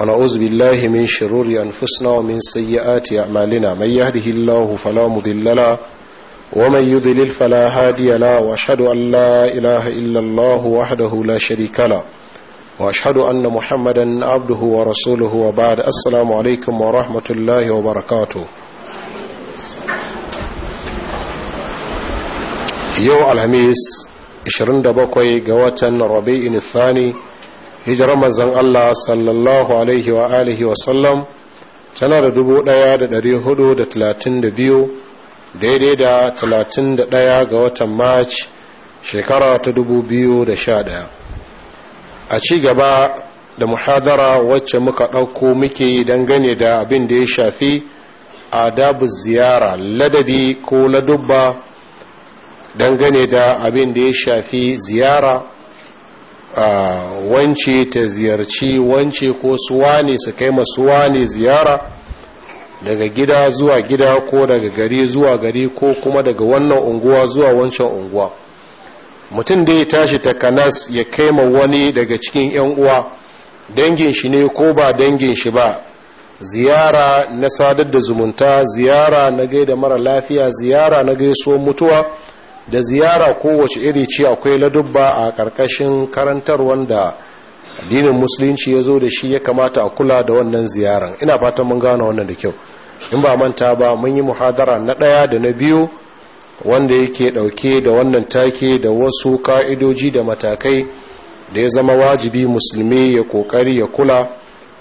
ونعوذ بالله من شرور أنفسنا ومن سيئات أعمالنا من يهده الله فلا مضل له ومن يضلل فلا هادي له وأشهد أن لا إله إلا الله وحده لا شريك له وأشهد أن محمدا عبده ورسوله وبعد السلام عليكم ورحمة الله وبركاته يوم الخميس 27 ga watan Rabi'in الثاني hijirar manzan Allah sallallahu alaihi wa alihi wa sallam tana da dubu ɗaya da ɗari hudu da talatin da biyu daidai da talatin da ɗaya ga watan march shekara ta dubu biyu da sha ɗaya a ci gaba da muhadara wacce muka ɗauko muke dangane da abin da ya shafi adabu ziyara ladabi ko ladubba dangane da abin da ya shafi ziyara wance ta ziyarci wance ko suwane su kai ne ziyara daga gida zuwa gida ko daga gari zuwa gari ko kuma daga wannan unguwa zuwa wancan unguwa mutum da ya tashi kanas ya kai ma wani daga cikin 'yan uwa dangin shi ne ko ba dangin shi ba ziyara na sadar da zumunta ziyara na gaida mara lafiya ziyara na gaiso mutuwa da ziyara kowace iri ce akwai ladubba a ƙarƙashin karantar wanda addinin musulunci ya zo da shi ya kamata a kula da wannan ziyaran ina fatan mun gano wannan da kyau in ba manta ba mun yi muhadara na ɗaya da na biyu wanda yake ɗauke da wannan take da wasu ka'idoji da matakai da ya zama wajibi musulmi ya ƙoƙari ya kula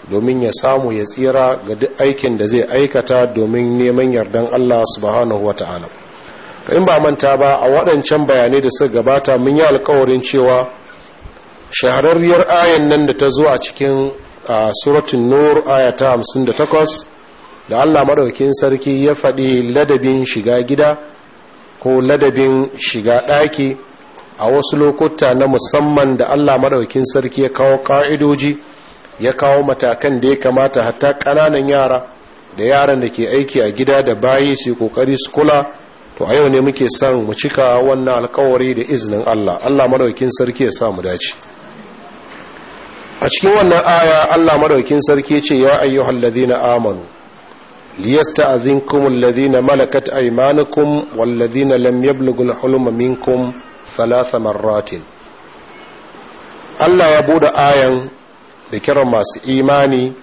domin ya samu ya tsira ga duk aikin da zai aikata domin neman yardan allah subhanahu wa ta'ala in ba manta ba a waɗancan bayanai da suka gabata mun yi alkawarin cewa shahararriyar ayan nan da ta zo a cikin suratun nur aya ta 58 da allah maɗaukin sarki ya faɗi ladabin shiga gida ko ladabin shiga ɗaki a wasu lokuta na musamman da allah maɗaukin sarki ya kawo ƙa'idoji ya kawo matakan da ya kamata hatta ƙananan yara da yaran da ke aiki a gida da bayi su yi ƙoƙari su kula to a yau ne muke son mu cika wannan alkawari da izinin Allah Allah madaukakin sarki ya sa mu dace a cikin wannan aya Allah madaukakin sarki ce ya ayyuhal ladina amanu liyasta'zinkum alladhina malakat aymanukum wal ladina lam yablughul al-hulma minkum thalatha marratin Allah ya bude ayan da kiran masu imani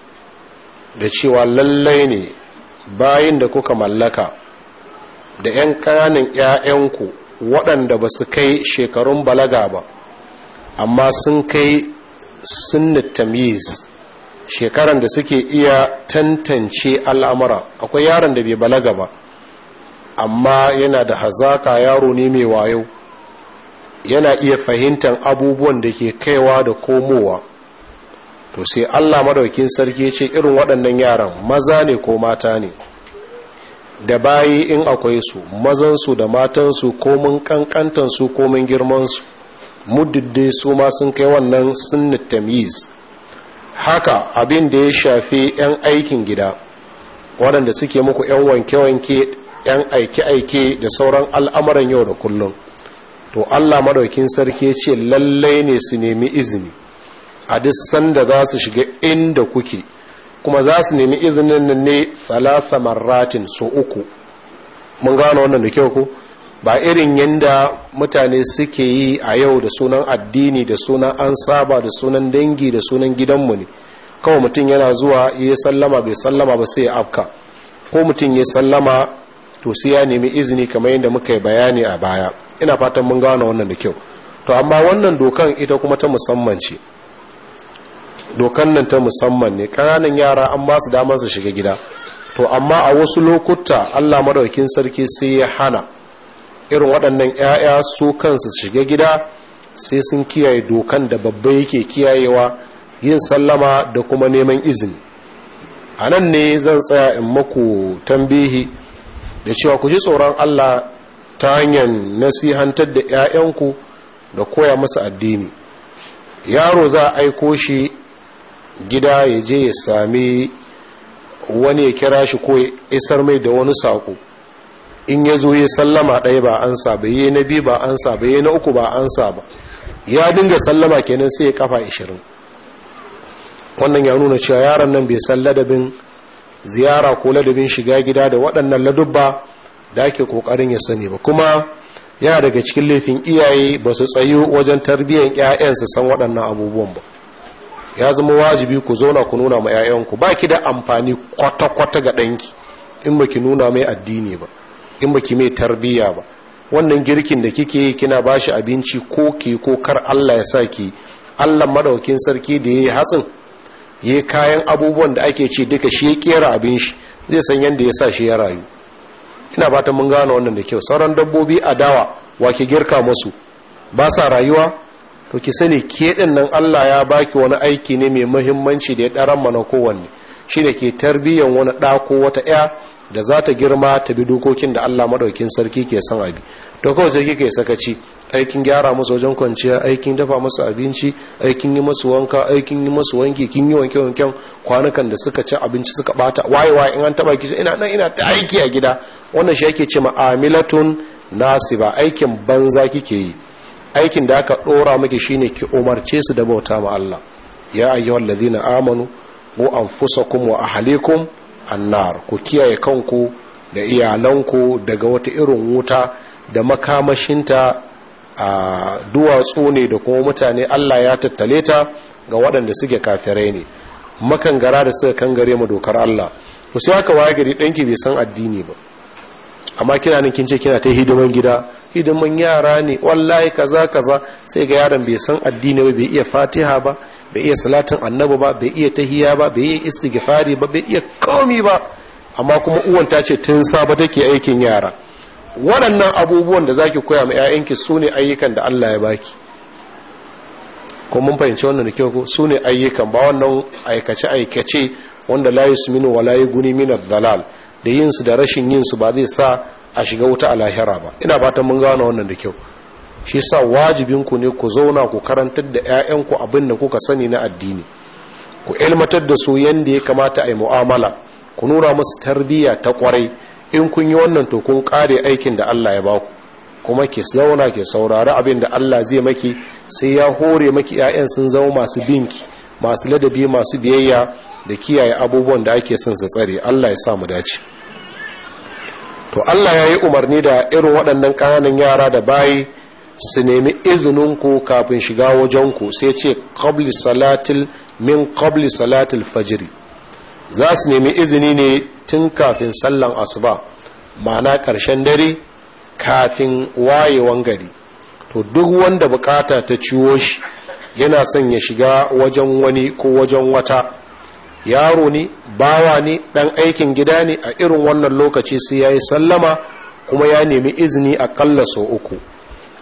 da cewa lallai ne bayin da kuka mallaka da 'yan ƙananan 'ya'yanku waɗanda ba su kai shekarun balaga ba amma sun kai sunnat tamyiz shekaran da suke iya tantance al'amura akwai yaron da bai balaga ba amma yana da hazaka yaro ne mai wayo yana iya fahimtar abubuwan da ke kaiwa da komowa to sai allah madaukin sarki ce irin waɗannan yaran maza ne ko mata ne da bayi in akwai su mazansu da matansu komin kankantansu komin girmansu muddide su ma sun kai wannan sunnat tamyiz haka abin da ya shafi 'yan aikin gida waɗanda suke muku 'yan wanke-wanke 'yan aike-aike da sauran al'amuran yau da kullum to allah madaukin sarki ce lallai ne su nemi izini a duk sanda za su shiga inda kuke kuma za su nemi izinin nan ne salasa maratin so uku mun gano wannan da kyau ko ba irin yadda mutane suke yi a yau da sunan addini da sunan an saba da sunan dangi da sunan gidanmu ne kawai mutum yana zuwa ya sallama bai sallama ba sai ya afka ko mutum ya sallama to sai ya nemi izini kamar yadda muka yi bayani a baya ina fatan mun gano wannan da kyau to amma wannan dokan ita kuma ta musamman ce dokan nan ta musamman ne ƙananan yara an ba su damar su shiga gida to amma a wasu lokuta allah maɗaukin sarki sai ya hana irin waɗannan 'ya'ya su kansu shiga gida sai sun kiyaye dokan da babba yake kiyayewa yin sallama da kuma neman izini a nan ne zan tsaya in maku tambihi da cewa ku ji tsoron allah ta hanyar nasihantar da 'ya'yanku da koya masa addini yaro za a aiko shi gida ya je ya sami wani ya kira shi ko isar mai da wani saƙo in ya zo ya sallama ɗaya ba an saba ya na biyu ba an saba ya na uku ba an saba ya dinga sallama kenan sai ya kafa ishirin wannan ya nuna cewa yaron nan bai san ladabin ziyara ko ladabin shiga gida da waɗannan ladubba da ake ƙoƙarin ya sani ba kuma yana daga cikin laifin iyaye ba su tsayu wajen tarbiyyar 'ya'yansa san waɗannan abubuwan ba ya zama wajibi ku zauna ku nuna ma 'ya'yanku ba ki da amfani kwata-kwata ga danki in ba ki nuna mai addini ba in ba ki mai tarbiyya ba wannan girkin da kike kina ba shi abinci ko ke ko kar allah ya sa ki allah madaukin sarki da ya yi hatsin ya kayan abubuwan da ake ci duka shi ya kera abin shi zai san yadda ya sa shi ya rayu ina bata mun gane wannan da kyau sauran dabbobi a dawa wa ke girka musu ba sa rayuwa to ki sani ke nan Allah ya baki wani aiki ne mai muhimmanci da ya ɗaran mana kowanne shi da ke tarbiyyar wani ɗa ko wata ya da za ta girma ta bi dokokin da Allah madaukin sarki ke son abi to kawai sai kika yi sakaci aikin gyara musu wajen kwanciya aikin dafa musu abinci aikin yi musu wanka aikin yi musu wanki kin yi wanke wanken kwanukan da suka ci abinci suka bata waye waye in an taba ki ina nan ina ta aiki a gida wannan shi yake ce amilatun nasiba aikin banza kike yi aikin da aka dora miki shine ki umarce su da bauta ma Allah ya ayyuhal ladina amanu ku anfusakum wa ahlikum annar ku kiyaye kanku da iyalanku daga wata irin wuta da makamashinta a duwatsu ne da kuma mutane Allah ya tattale ta ga waɗanda suke kafirai ne makangara da suka kangare mu dokar Allah ku sai aka waye gari danki bai san addini ba amma kina nan kin ce kina ta hidiman gida hidiman yara ne wallahi kaza kaza sai ga yaron bai san addini ba bai iya fatiha ba bai iya salatin annabi ba bai iya tahiya ba bai iya istighfari ba bai iya komi ba amma kuma uwan ta ce tun saba take aikin yara waɗannan abubuwan da zaki koya ma ƴaƴanki sune ayyukan da Allah ya baki ko mun fahimci wannan da kyau ko sune ayyukan ba wannan aikace aikace wanda la yusminu wala yuguni minadh min dalal da yinsu da rashin yinsu ba zai sa a shiga wuta a lahira ba ina ba ta mun gano wannan da kyau shi sa wajibinku ne ku zauna ku karantar da 'ya'yanku abin da kuka sani na addini ku ilmatar da su yadda ya kamata a yi mu'amala ku nura musu tarbiyya ta kwarai in kun yi wannan to kun kare aikin da Allah ya baku kuma ke zauna ke saurari abin da Allah zai maki sai ya hore maki 'ya'yan sun zama masu binki masu ladabi masu biyayya da kiyaye abubuwan da ake son su tsare Allah ya sa mu dace to Allah ya yi umarni da irin waɗannan ƙananan yara da bayi su nemi izinin ku kafin shiga wajen ku sai ce qabli salatil min qabli salatil fajiri za su nemi izini ne tun kafin sallan asuba ma'ana ƙarshen dare kafin wayewan gari to duk wanda bukata ta ciwo shi yana son ya shiga wajen wani ko wajen wata yaro ne bawa ne dan aikin gida ne a irin wannan lokaci sai ya yi sallama kuma ya nemi izini akalla sau uku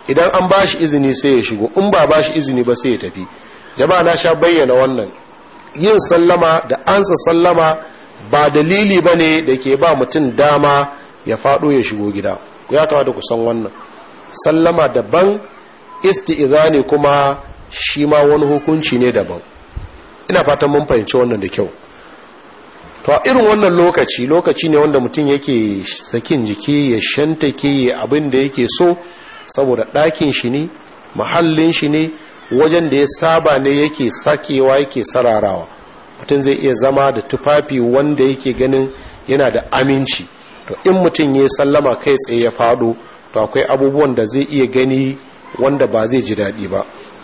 idan an ba shi izini sai ya shigo in ba ba shi izini ba sai ya tafi jama'a na sha bayyana wannan yin sallama da ansa sallama ba dalili ba ne da ke ba mutum dama ya faɗo ya shigo gida ya kamata ku san wannan sallama daban isti'izani kuma shi ma wani hukunci ne daban ina fatan mun fahimci wannan da kyau to a irin wannan lokaci lokaci ne wanda mutum yake sakin jiki ya shantake ya abin da yake so saboda ɗakin shi ne mahallin shi ne wajen da ya saba ne yake sakewa yake sararawa mutum zai iya zama da tufafi wanda yake ganin yana da aminci to in mutum ya sallama kai tsaye ya fado to akwai abubuwan da zai iya gani wanda ba zai ji daɗi ba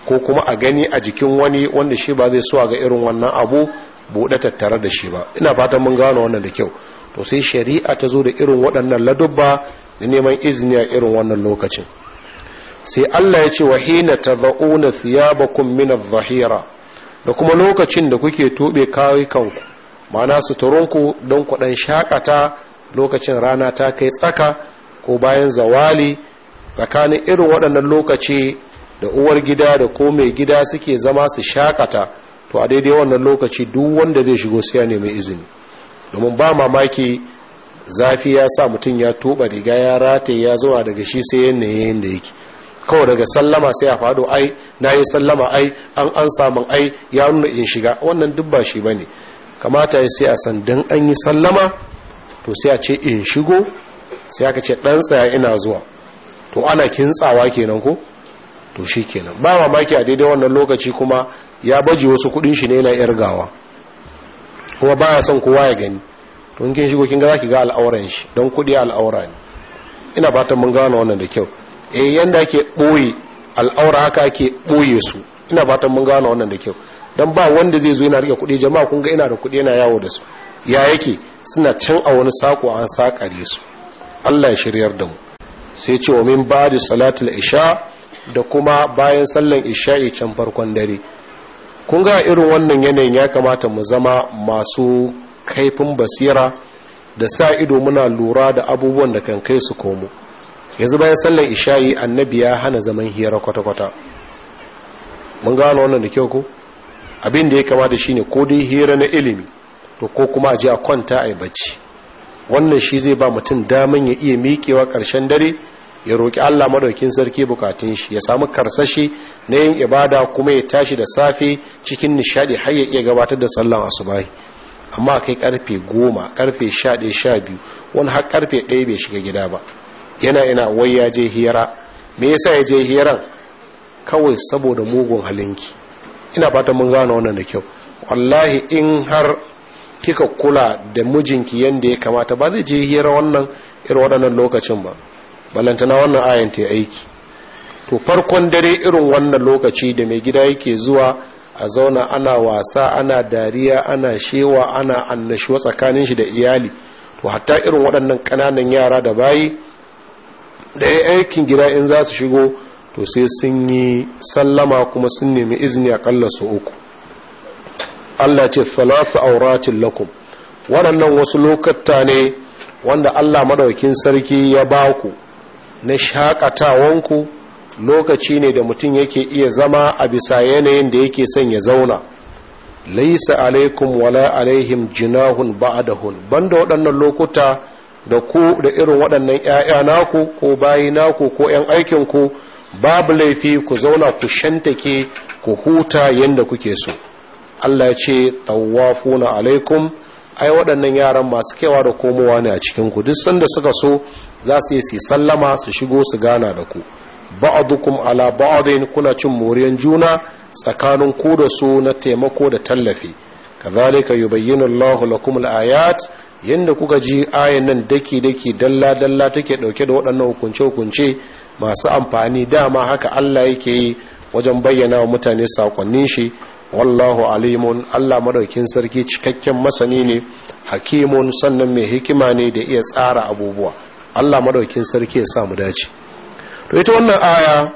ko kuma a gani a jikin wani wanda shi ba zai so a ga irin wannan abu buɗe tattare da shi ba ina fatan mun gano wannan da kyau to sai shari'a ta zo da irin waɗannan ladubba da neman izini a irin wannan lokacin sai Allah ya ce wa hina tad'una thiyabakum min adh-dhahira da kuma lokacin da kuke tobe kai kanku ma'ana suturunku don ku dan shakata lokacin rana ta kai tsaka ko bayan zawali tsakanin irin waɗannan lokaci da uwar gida da ko mai gida suke zama su shakata to a daidai wannan lokaci duk wanda zai shigo sai ya nemi izini domin ba mamaki zafi ya sa mutum ya tuba riga ya rata ya zuwa daga shi sai yanayin da yake kawai daga sallama sai a fado ai na yi sallama ai an an samun ai ya nuna in shiga wannan duk ba shi ba ne kamata ya sai a san an yi sallama to sai a ce in shigo sai aka ce ɗan tsaya ina zuwa to ana kintsawa kenan ko to shi kenan ba mamaki a daidai wannan lokaci kuma ya baje wasu kudin shi ne yana irgawa kuma ba ya son kowa ya gani to in kin shigo kin ga zaki ga al'auran shi don kudi al'aura ne ina fatan mun gano wannan da kyau eh yanda ake boye al'aura haka ake boye su ina fatan mun gano wannan da kyau dan ba wanda zai zo yana rike kudi jama'a kun ga ina da kudi yana yawo da su ya yake suna can a wani sako an sakare su Allah ya shiryar da mu sai ce wa min ba'da salatul isha da kuma bayan sallan isha'i can farkon dare kun ga irin wannan yanayin ya kamata mu zama masu kaifin basira da sa ido muna lura da abubuwan da kan kai su komo yanzu bayan sallan isha'i annabi ya hana zaman hira kwata-kwata mun gano wannan da kyau ko abin da ya kamata shine ko dai hira na ilimi to ko kuma a ji a kwanta a yi bacci wannan shi zai ba mutum daman ya iya miƙewa ƙarshen dare ya roƙi Allah madaukin sarki bukatun shi ya samu karsashi na yin ibada kuma ya tashi da safe cikin nishadi har ya iya gabatar da sallan asubahi amma kai karfe goma karfe sha ɗaya wani har karfe ɗaya bai shiga gida ba yana ina wai ya je hira me yasa ya je hiran kawai saboda mugun halinki ina fata mun gane wannan da kyau wallahi in har kika kula da mijinki yanda ya kamata ba zai je hira wannan irin waɗannan lokacin ba ballantana wannan ayan ta aiki to farkon dare irin wannan lokaci da mai gida yake zuwa a zauna ana wasa ana dariya ana shewa ana annashuwa tsakanin shi da iyali to hatta irin waɗannan ƙananan yara da bayi da ya aikin gida in za su shigo to sai sun yi sallama kuma sun nemi izini aƙalla su uku allah ce thalathu auratin lakum waɗannan wasu lokata ne wanda allah maɗaukin sarki ya ba ku na shakatawanku lokaci ne da mutum yake iya zama a bisa yanayin da yake son ya zauna laisa alaikum wala alaihim jinahun ba'dahun banda waɗannan lokuta da ku da irin waɗannan ƴaƴa naku ko bayi naku ko yan aikin ku babu laifi ku zauna ku shantake ku huta yanda kuke so Allah ya ce tawafuna alaikum ai waɗannan yaran masu kewa da komowa ne a cikin ku duk sanda suka so za su yi sallama su shigo su gana da ku ba'dukum ala ba'din kuna cin moriyan juna tsakanin ku da su na taimako da tallafi kazalika yubayyinu Allahu lakum al-ayat yanda kuka ji ayan nan daki daki dalla dalla take dauke da waɗannan hukunce hukunce masu amfani dama haka Allah yake yi wajen bayyana wa mutane sakonnin shi wallahu alimun Allah madaukin sarki cikakken masani ne hakimun sannan mai hikima ne da iya tsara abubuwa Allah madaukin sarki ya samu dace to ita wannan aya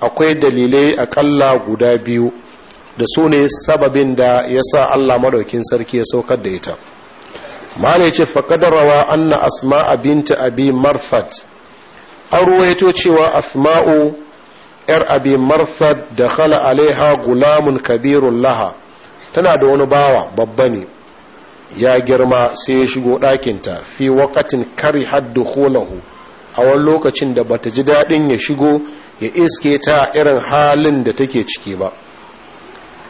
akwai dalilai akalla guda biyu da su ne sababin da ya sa Allah madaukin sarki ya saukar da ita mala ce faƙadarawa anna asma'a binta abi marfat an ruwaito cewa asma'u yar abi marsad da khala alaiha gulamun kabirun laha tana da wani bawa babba ne ya girma sai ya shigo ɗakinta fi wakatin kari haddu holahu a wani lokacin da bata ji daɗin ya shigo ya iske ta irin halin da take ciki ba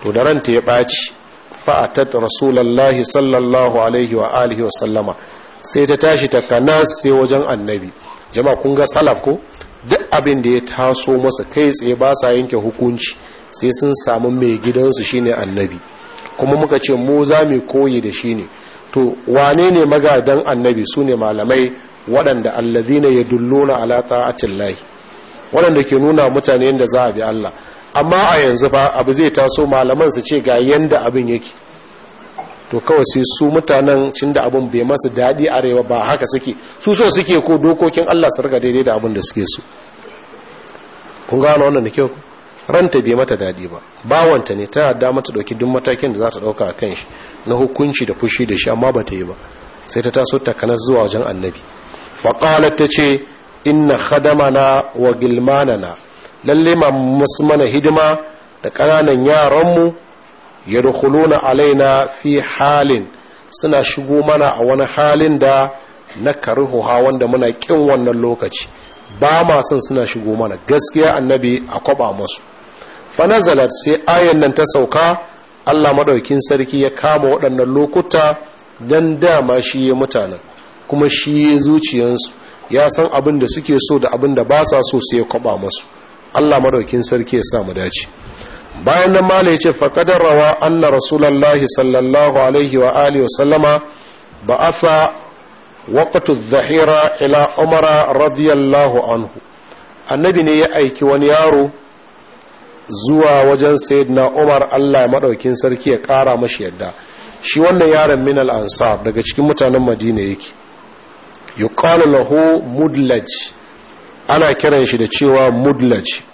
to da ranta ya ɓaci fa'atat rasulallahi sallallahu alaihi wa alihi sallama sai ta tashi ta kanas sai wajen annabi jama'a kun ga salaf ko duk abin da ya taso masa kai tsaye ba sa yanke hukunci sai sun samu mai gidansu shine annabi kuma muka ce mu za mu koyi da shi ne to wane ne magadan annabi su ne malamai waɗanda allazina yadulluna ala ta'atillahi waɗanda ke nuna mutane yadda za a bi Allah amma a yanzu ba abu zai taso malaman su ce ga yadda abin yake to kawai sai su mutanen cin da abin bai masu daɗi arewa ba haka suke su so suke ko dokokin allah su riga daidai da abin da suke su kun gano wannan da kyau ranta bai mata daɗi ba bawanta ne ta yadda mata ɗauki duk matakin da za ta ɗauka a kan shi na hukunci da fushi da shi amma ba ta yi ba sai ta taso takanar zuwa wajen annabi faƙalar ta ce inna khadamana wa gilmanana lalle ma masu mana hidima da ƙananan yaranmu yadkhuluna alaina fi halin suna shigo mana a wani halin da na ha wanda muna kin wannan lokaci ba ma son suna shigo mana gaskiya annabi a kwaba musu fa sai ayan nan ta sauka Allah madaukin sarki ya kama waɗannan lokuta dan dama shi ya mutanen kuma shi ya zuciyansu ya san abin da suke so da abin da ba sa so sai ya kwaba musu Allah madaukin sarki ya sa mu dace bayan nan mala ya ce faƙadar rawa anna rasulallahi sallallahu alaihi wa alihi wasallama ba sa waƙatu zahira ila umara radiyallahu anhu annabi ne ya aiki wani yaro zuwa wajen na umar allah maɗaukin sarki ya ƙara mashi yadda shi wannan yaron min al'ansar daga cikin mutanen madina yake yuqalu lahu mudlaj ana kiran shi da cewa mudlaj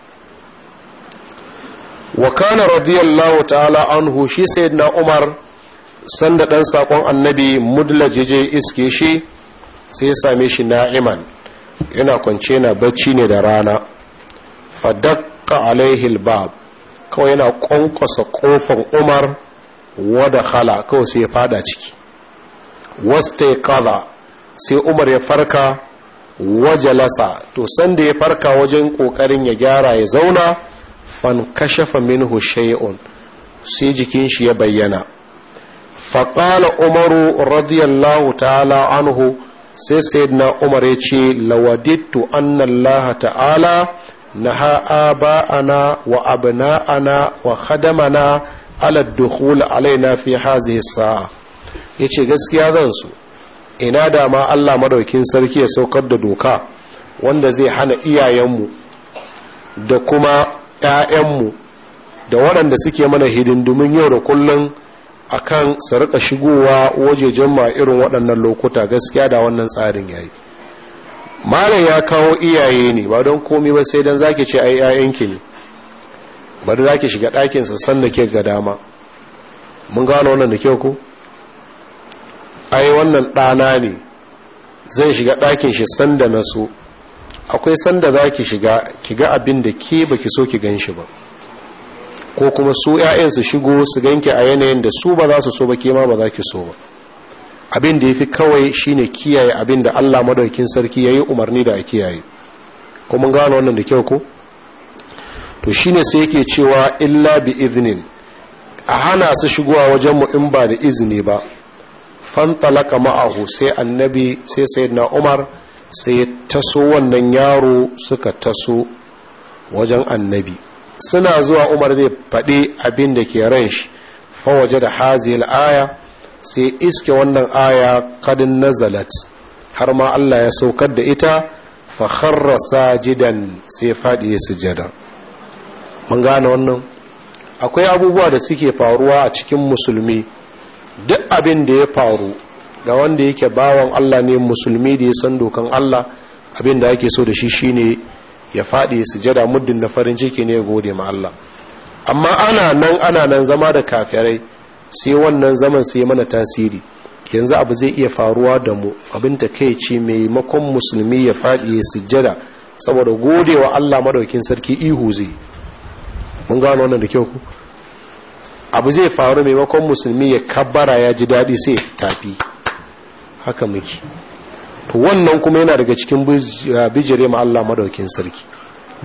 wa kana radiyallahu ta'ala anhu shi sayyidina umar sanda dan sakon annabi mudlaj je iske shi sai ya same shi na'iman yana kwance na bacci ne da rana fadakka alaihi albab kawai yana kwankwasa ƙofan umar wada khala kawai sai ya fada ciki wasta kaza sai umar ya farka wajalasa to sanda ya farka wajen kokarin ya gyara ya zauna fankashafa minhu shay'un sai jikin shi ya bayyana faƙala umaru radiyallahu ta'ala anhu sai sayyidina umar ya ce lawadittu annallaha ta'ala naha aba'ana wa abna'ana wa khadamana ala dukhul alaina fi hazihi sa'a yace gaskiya zan su ina da ma Allah madaukin sarki ya saukar da doka wanda zai hana iyayenmu da kuma 'ya'yanmu da waɗanda suke mana hidindumin yau da kullum a kan sarƙa shigowa wajejen ma irin waɗannan lokuta gaskiya da wannan tsarin ya yi malam ya kawo iyaye ne ba don komi ba sai don za ki ce yi 'ya'yanki ne ba da za ki shiga ɗakinsa da ke ga dama mun gano wannan da kyau ku yi wannan ɗana ne zai shiga ɗakin shi sanda na so akwai sanda za ki shiga ki ga abin da ke baki so ki gan shi ba ko kuma su 'ya'yan su shigo su ganki a yanayin da su ba za su so ba ke ma ba za ki so ba abin da ya fi kawai shine kiyaye abin da allah madaukin sarki ya yi umarni da a kiyaye ko mun gano wannan da kyau ko to shine sai yake cewa illa bi iznin a hana su shigowa mu in ba da izini ba fantalaka ma'ahu sai annabi sai sayyidina umar sai taso wannan yaro suka taso wajen annabi suna zuwa umar zai faɗi abin da ke ran shi fawaje da hazil aya sai iske wannan aya kadin nazalat har ma Allah ya saukar da ita fa kharra sajidan sai faɗi sujada mun gane wannan akwai abubuwa da suke faruwa a cikin musulmi duk abin da ya faru ga wanda yake bawan Allah ne musulmi da ya san dokan Allah abin da ake so da shi shine ya faɗi sujada muddin na farin ciki ne ya gode ma Allah amma ana nan ana nan zama da kafirai sai wannan zaman sai mana tasiri yanzu abu zai iya faruwa da mu abin ta kai ce maimakon musulmi ya faɗi ya sujada saboda godewa Allah madaukin sarki ihu zai mun gano wannan da kyau ku abu zai faru maimakon musulmi ya kabbara ya ji daɗi sai tafi haka muke to wannan kuma yana daga cikin eh, bijire ma Allah madaukin sarki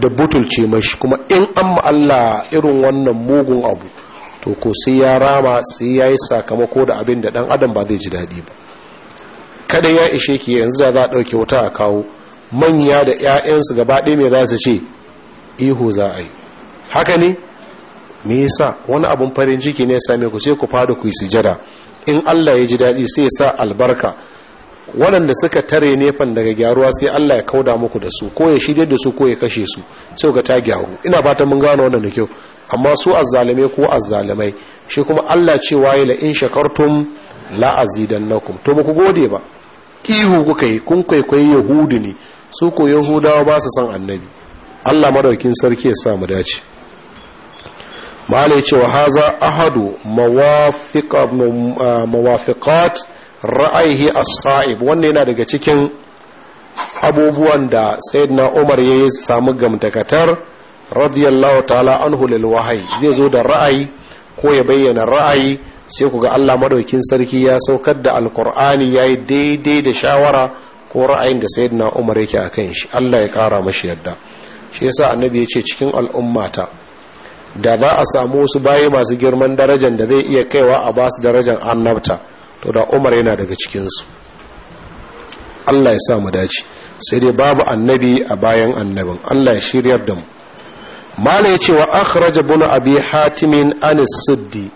da butulce mashi kuma in an ma Allah irin wannan mugun abu to ko sai ya rama sai ya yi sakamako da abin da dan adam ba zai ji daɗi ba kada ya ishe ki yanzu da za a ɗauke wuta a kawo manya da 'ya'yansu gaba ɗaya mai za su ce ihu za a yi haka ne me yasa wani abun farin ciki ne ya same ku sai ku fada ku yi sujada in Allah ya ji daɗi sai sa albarka waɗanda suka tare nefan daga gyaruwa sai Allah ya kauda muku da su ko ya shirya da su ko ya kashe su sai ga ta gyaru ina fatan mun gano wannan da kyau amma su azzalame ko azzalamai shi kuma Allah cewa ya la in shakartum la azidannakum to ku gode ba ihu kuka yi kun kwaikwayi yahudu ne su ko yahudawa ba su san annabi Allah madaukin sarki ya samu dace malai ce wa haza ahadu mawafiƙat uh, ra'ayi a saib wannan yana daga cikin abubuwan da sayyidina Umar ya yi sami gamtakatar radiyallahu ta'ala an hulil zai zo da ra'ayi ko ya bayyana ra'ayi sai ku ga Allah maɗaukin sarki ya saukar da ya yi daidai da shawara ko ra'ayin da sayyidina Umar yake a kan shi Allah ya ƙara mashi yadda shi yasa annabi ya ce cikin al'ummata da ba a samu wasu bayi masu girman darajan da zai iya kaiwa a basu darajan annabta to da umar yana daga cikinsu allah ya sa mu dace sai dai babu annabi a bayan annabin allah ya shiryar da mu mala ya ce wa akhraja ibn abi hatimin an siddi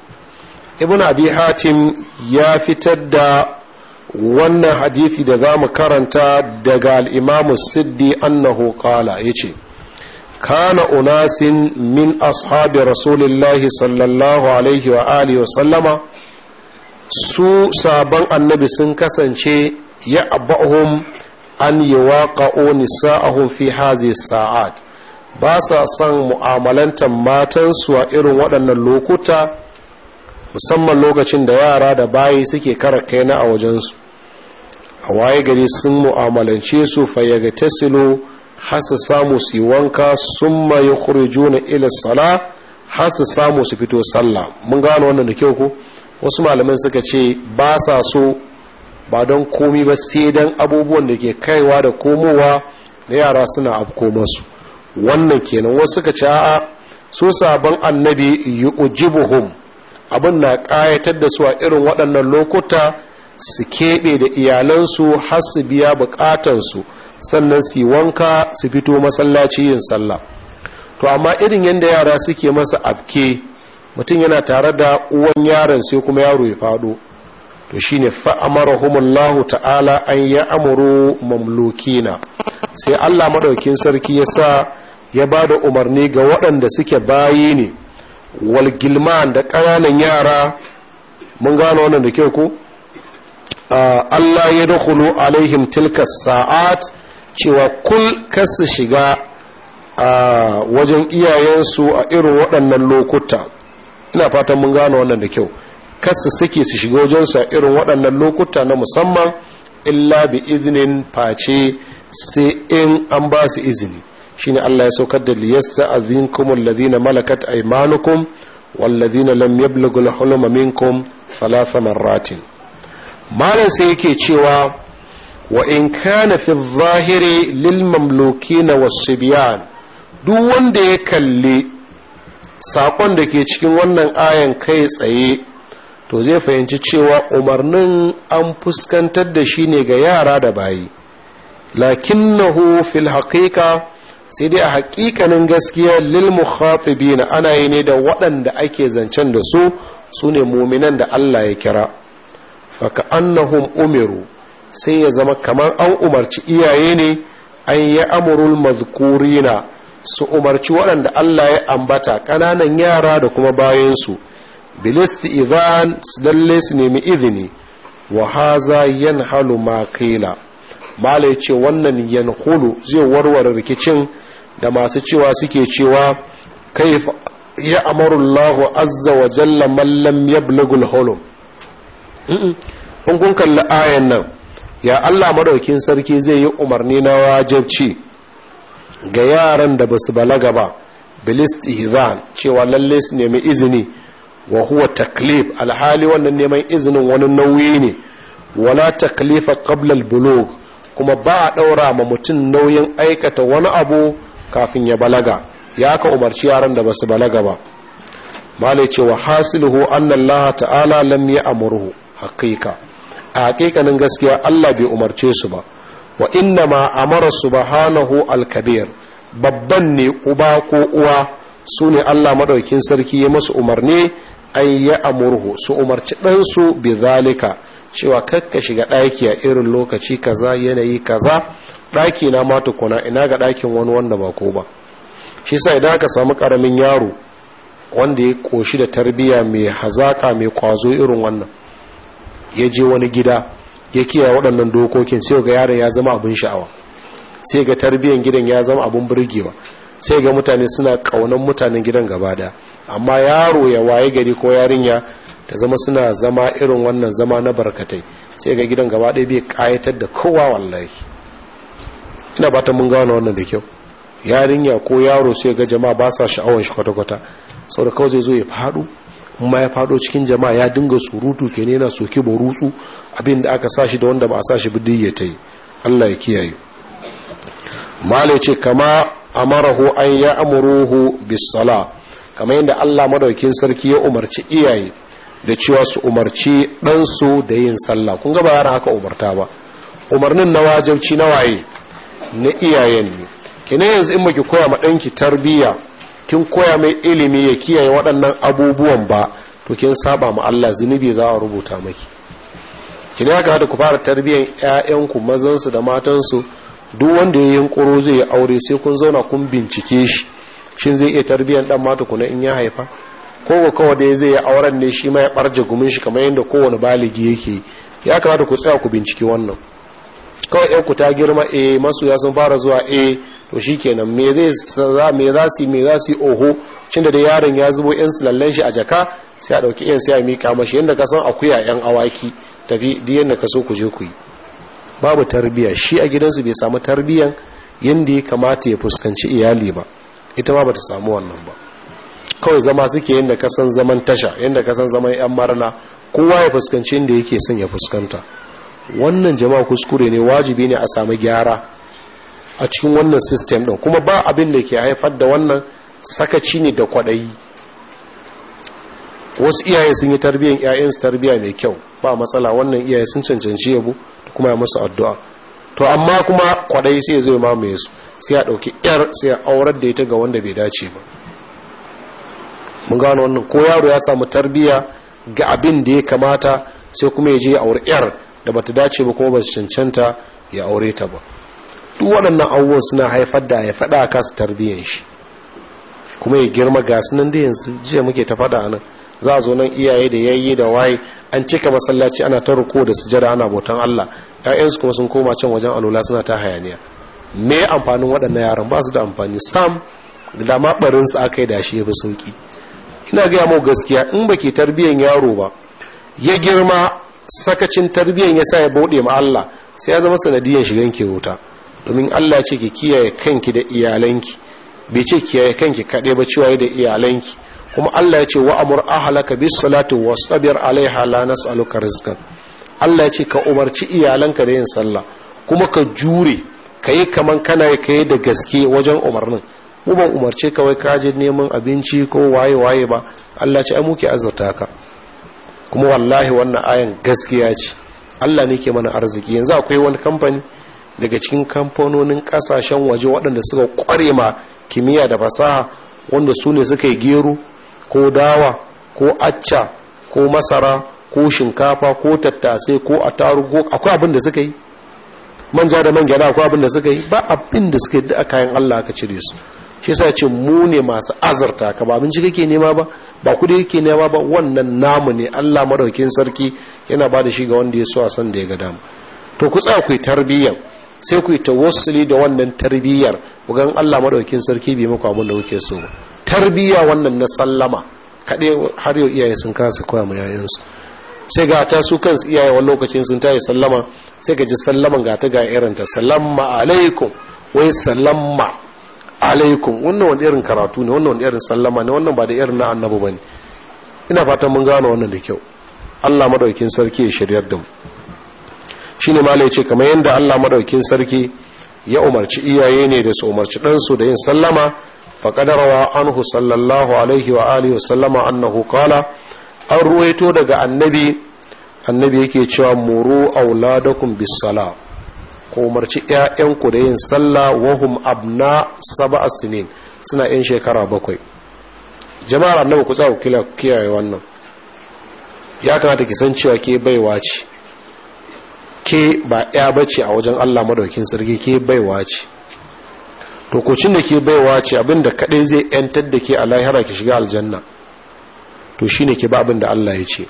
ibn abi hatim ya fitar da wannan hadisi da zamu karanta daga al-imam siddi annahu qala yace kana unasin min ashabi rasulillahi sallallahu alaihi wa alihi su sabon annabi sun kasance ya abahum an yi waƙa'o nisa'ahun fi hazi sa'ad ba sa son mu'amalantar matansu a irin waɗannan lokuta musamman lokacin da yara da bayi suke kara kaina a wajensu a waye gari sun mu'amalance su fayyagata silo har samu su wanka sun ma ya juna na ila sala har su samu su fito sallah mun gano wannan da kyau ko wasu malaman suka ce ba sa so ba don komi ba sai don abubuwan da ke kaiwa da komowa na yara suna afko masu wannan kenan wasu suka ce a'a su sabon annabi yu'jibuhum abin na kayatar da su a irin waɗannan lokuta su keɓe da iyalansu har su biya su sannan su wanka su fito masallaci yin sallah to amma irin yadda yara suke masa abke mutum yana tare da uwan yaron sai kuma yaro ya fado to shine lahu ta'ala an ya'muru mamlukina sai Allah maɗaukin sarki ya sa ya ba da umarni ga waɗanda suke bayi ne walgilman da ƙananan yara mun gano wannan da kyau ko ah, Allah ya dakhulu alaihim tilka sa'at cewa kul kasu shiga a wajen iyayensu a irin waɗannan lokuta ina fatan mun gano wannan da kyau kasu suke su shiga wajensu a irin waɗannan lokuta na musamman illa bi izinin face sai in an ba su izini shine Allah ya saukar da liyassa azinkum alladhina malakat aymanukum walladhina lam yablughu al-hulma minkum thalatha marratin malam sai yake cewa wa in kana fi للمملوكين na wasu duk wanda ya kalli Saƙon da ke cikin wannan ayan kai tsaye to zai fahimci cewa umarnin an fuskantar da shi ne ga yara da bayi lakinnahu fil haqiqa sai dai a haƙiƙanin gaskiya lil mukhatibina ana yi ne da waɗanda ake zancen da su sune muminan da Allah ya kira faka annahum umiru sai ya zama kamar an umarci iyaye ne an yi amurul mazkurina su umarci waɗanda Allah ya ambata ƙananan yara da kuma bayansu bilisti idan lalle su nemi izini wa haza halu ma qila malai ce wannan yanhulu zai warware rikicin da masu cewa suke cewa kai ya amarullahu azza wa jalla Mallam ya hulum in kun kalli ayan nan ya Allah maɗaukin sarki zai yi umarni na wajabci ga yaran da basu balaga ba bilist izan cewa lalle su nemi izini wa huwa taklif alhali wannan neman izinin wani nauyi ne wala taklifa qabla bulugh kuma ba a daura ma mutum nauyin aikata wani abu kafin ya balaga ya ka umarci yaran da basu balaga ba malai cewa hasiluhu anna Allah ta'ala lam ya amurhu haqiqa a hakikanin gaskiya Allah bai umarce su ba wa inna ma amara subhanahu al-kabir babban ne uba ko uwa su ne Allah madaukin sarki ya masu umarni ai ya amurhu su umarci ɗansu bi zalika cewa kakka shiga ɗaki a irin lokaci kaza yanayi kaza ɗaki na ma tukuna ina ga ɗakin wani wanda ba ko ba shi sa idan aka samu ƙaramin yaro wanda ya koshi da tarbiyya mai hazaƙa mai kwazo irin wannan ya je wani gida ya kiyaye waɗannan dokokin sai ga yaron ya zama abin sha'awa sai ga tarbiyyar gidan ya zama abin burgewa sai ga mutane suna kaunan mutanen gidan gaba da amma yaro ya waye gari ko yarinya ta zama suna zama irin wannan zama na barkatai sai ga gidan gaba ɗaya bai kayatar da kowa wallahi ina ba ta mun gano wannan da kyau yarinya ko yaro sai ga jama'a ba sa sha'awar shi kwata-kwata sau da kawai zai zo ya faɗo kuma ya fado cikin jama'a ya dinga surutu ke yana soke borutsu abin da aka sashi da wanda ba a sashi bidin ya ta yi allah ya kiyaye mala ce kama amarahu an ya amuruhu bisala kama yadda allah madaukin sarki ya umarci iyaye da cewa su umarci ɗansu da yin sallah kun gaba yara haka umarta ba umarnin na wajabci na waye na iyayen ne kenan yanzu in maki koya ma ɗanki tarbiyya kin koya mai ilimi ya kiyaye waɗannan abubuwan ba to kin saba ma Allah zunubi za a rubuta maki kin ya kamata ku fara tarbiyyar ƴaƴanku su da matan su duk wanda ya ƙoro zai yi aure sai kun zauna kun bincike shi shin zai iya tarbiyyar dan mata na in ya haifa ko ko da zai yi auren ne shi ma ya barje gumin shi kamar yadda kowane baligi yake ya kamata ku tsaya ku bincike wannan kawai yanku ta girma e masoya sun fara zuwa e to shi me zai me za su me za su oho cin da yaron ya zubo yan sulallen shi a jaka sai a ɗauki yan sai a mika mashi yadda ka san akuya yan awaki tafi diyan da ka so ku je ku yi babu tarbiya shi a gidansu bai samu tarbiyan yadda ya kamata ya fuskanci iyali ba ita ma ta samu wannan ba kawai zama suke yadda ka san zaman tasha yadda ka san zaman yan marna kowa ya fuskanci yadda yake son ya fuskanta wannan jama'a kuskure ne wajibi ne a sami gyara a cikin wannan system ɗin kuma ba abin da ke haifar da wannan sakaci ne da kwaɗayi wasu iyaye sun yi tarbiyyar su tarbiyya mai kyau ba matsala wannan iyaye sun cancanci yabo da kuma ya masa addu'a to amma kuma kwaɗayi sai zai mamaye su sai ya ɗauki 'yar sai ya aurar da ita ga wanda bai dace ba mun gano wannan ko yaro ya samu tarbiyya ga abin da ya kamata sai kuma ya je ya auri 'yar da bata dace ba kuma ba su cancanta ya aure ta ba duk waɗannan abubuwan suna haifar da ya faɗa ka su tarbiyyar shi kuma ya girma ga sunan da yanzu jiya muke ta faɗa nan za a zo nan iyaye da yayye da waye an cika masallaci ana ta ruko da sujada ana botan Allah ƴaƴansu kuma sun koma can wajen alola suna ta hayaniya me amfanin waɗannan yaran ba su da amfani sam da dama barin su aka da shi ya fi sauki ina gaya mu gaskiya in ba ke tarbiyyar yaro ba ya girma sakacin tarbiyyar ya sa ya bauɗe ma Allah sai ya zama sanadiyan shigan ke wuta domin Allah ce ki kiyaye kanki da iyalanki bai ce kiyaye kanki kaɗai ba ciwaye da iyalanki kuma Allah ya ce wa amur ahlaka bis salati wastabir alaiha la nas'aluka rizqan Allah ya ce ka umarci iyalanka da yin sallah kuma ka jure ka yi kaman kana kai da gaske wajen umarnin mu ban umarce kawai ka je neman abinci ko waye waye ba Allah ya ce ai muke azurta ka kuma wallahi wannan ayan gaskiya ce Allah ne ke mana arziki yanzu akwai wani kamfani daga cikin kamfanonin kasashen waje waɗanda suka kware ma kimiyya da fasaha wanda su ne suka yi gero ko dawa ko acca ko masara ko shinkafa ko tattase ko tarugo akwai abin da suka yi manja da man gyada akwai abin da suka yi ba abin da suka yi da kayan Allah aka cire su shi sa ce mu ne masu azarta ka ba abinci kake nema ba ba kudi kake nema ba wannan namu ne Allah madaukin sarki yana ba da shi ga wanda ya so a san da ya ga dama to ku tsaya ku yi tarbiyyar sai ku yi tawassuli da wannan tarbiyyar ku gan Allah madaukin sarki bai muku abin da kuke so ba tarbiyya wannan na sallama kaɗai har yau iyaye sun kasa koya ma yayansu sai ga ta su kansu iyaye wani lokacin sun tayi sallama sai ka ji sallaman ga ta ga irin ta salamma alaikum wai salamma alaikum wannan wani irin karatu ne wannan wani irin sallama ne wannan ba da irin na ba ne ina fatan mun gano wannan da kyau Allah madaukin sarki ya shirya da mu shine ma ce kamar yadda Allah madaukin sarki ya umarci iyaye ne da su umarci ɗansu da yin sallama fa an anhu sallallahu alaihi wa alihi wa sallama na hukala an ruwaito daga annabi annabi yake cewa muru auladakum bis salat ku umarci ‘ya'yanku da yin sallah wahum abna saba sinin suna ‘yan shekara bakwai jama'ar annabi ku tsawo kiyaye wannan ya kamata ki san cewa ke baiwa ce ke ba ‘ya bace a wajen allah madaukin sarki ke baiwa ce to da ke baiwa ce abinda kaɗai zai ‘yantar da ke a lahira ki shiga aljanna to shine ke ba abin da allah ya ce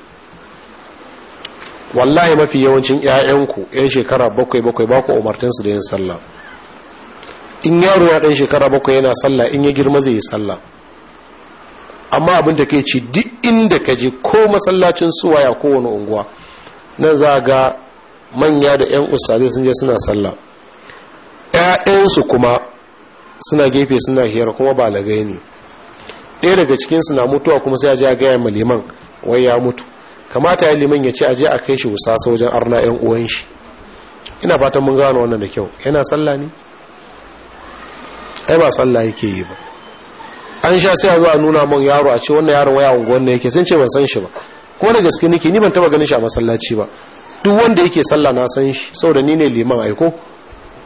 wallahi mafi yawancin 'ya'yanku 'yan shekara bakwai bakwai ba ku umartinsu da yin sallah in yaro ya ɗan shekara bakwai yana sallah in ya girma zai yi sallah amma abin da ke ci duk inda ka je ko masallacin suwaya kowane unguwa nan za ga manya da 'yan ustazai sun je suna sallah 'ya'yansu kuma suna gefe suna hira kuma ba lagai ne ɗaya daga cikinsu na mutuwa kuma sai ya ja gaya ma leman wai ya mutu kamata ya liman ya ce aje a kai shi wusasa wajen arna yan uwan shi ina fatan mun gano wannan da kyau yana sallah ne ai ba sallah yake yi ba an sha sai a zo a nuna mun yaro a ce wannan yaron waya unguwan ne yake sun ce ban san shi ba ko da gaske nake ni ban taba ganin shi a masallaci ba duk wanda yake sallah na san shi saboda ni ne liman aiko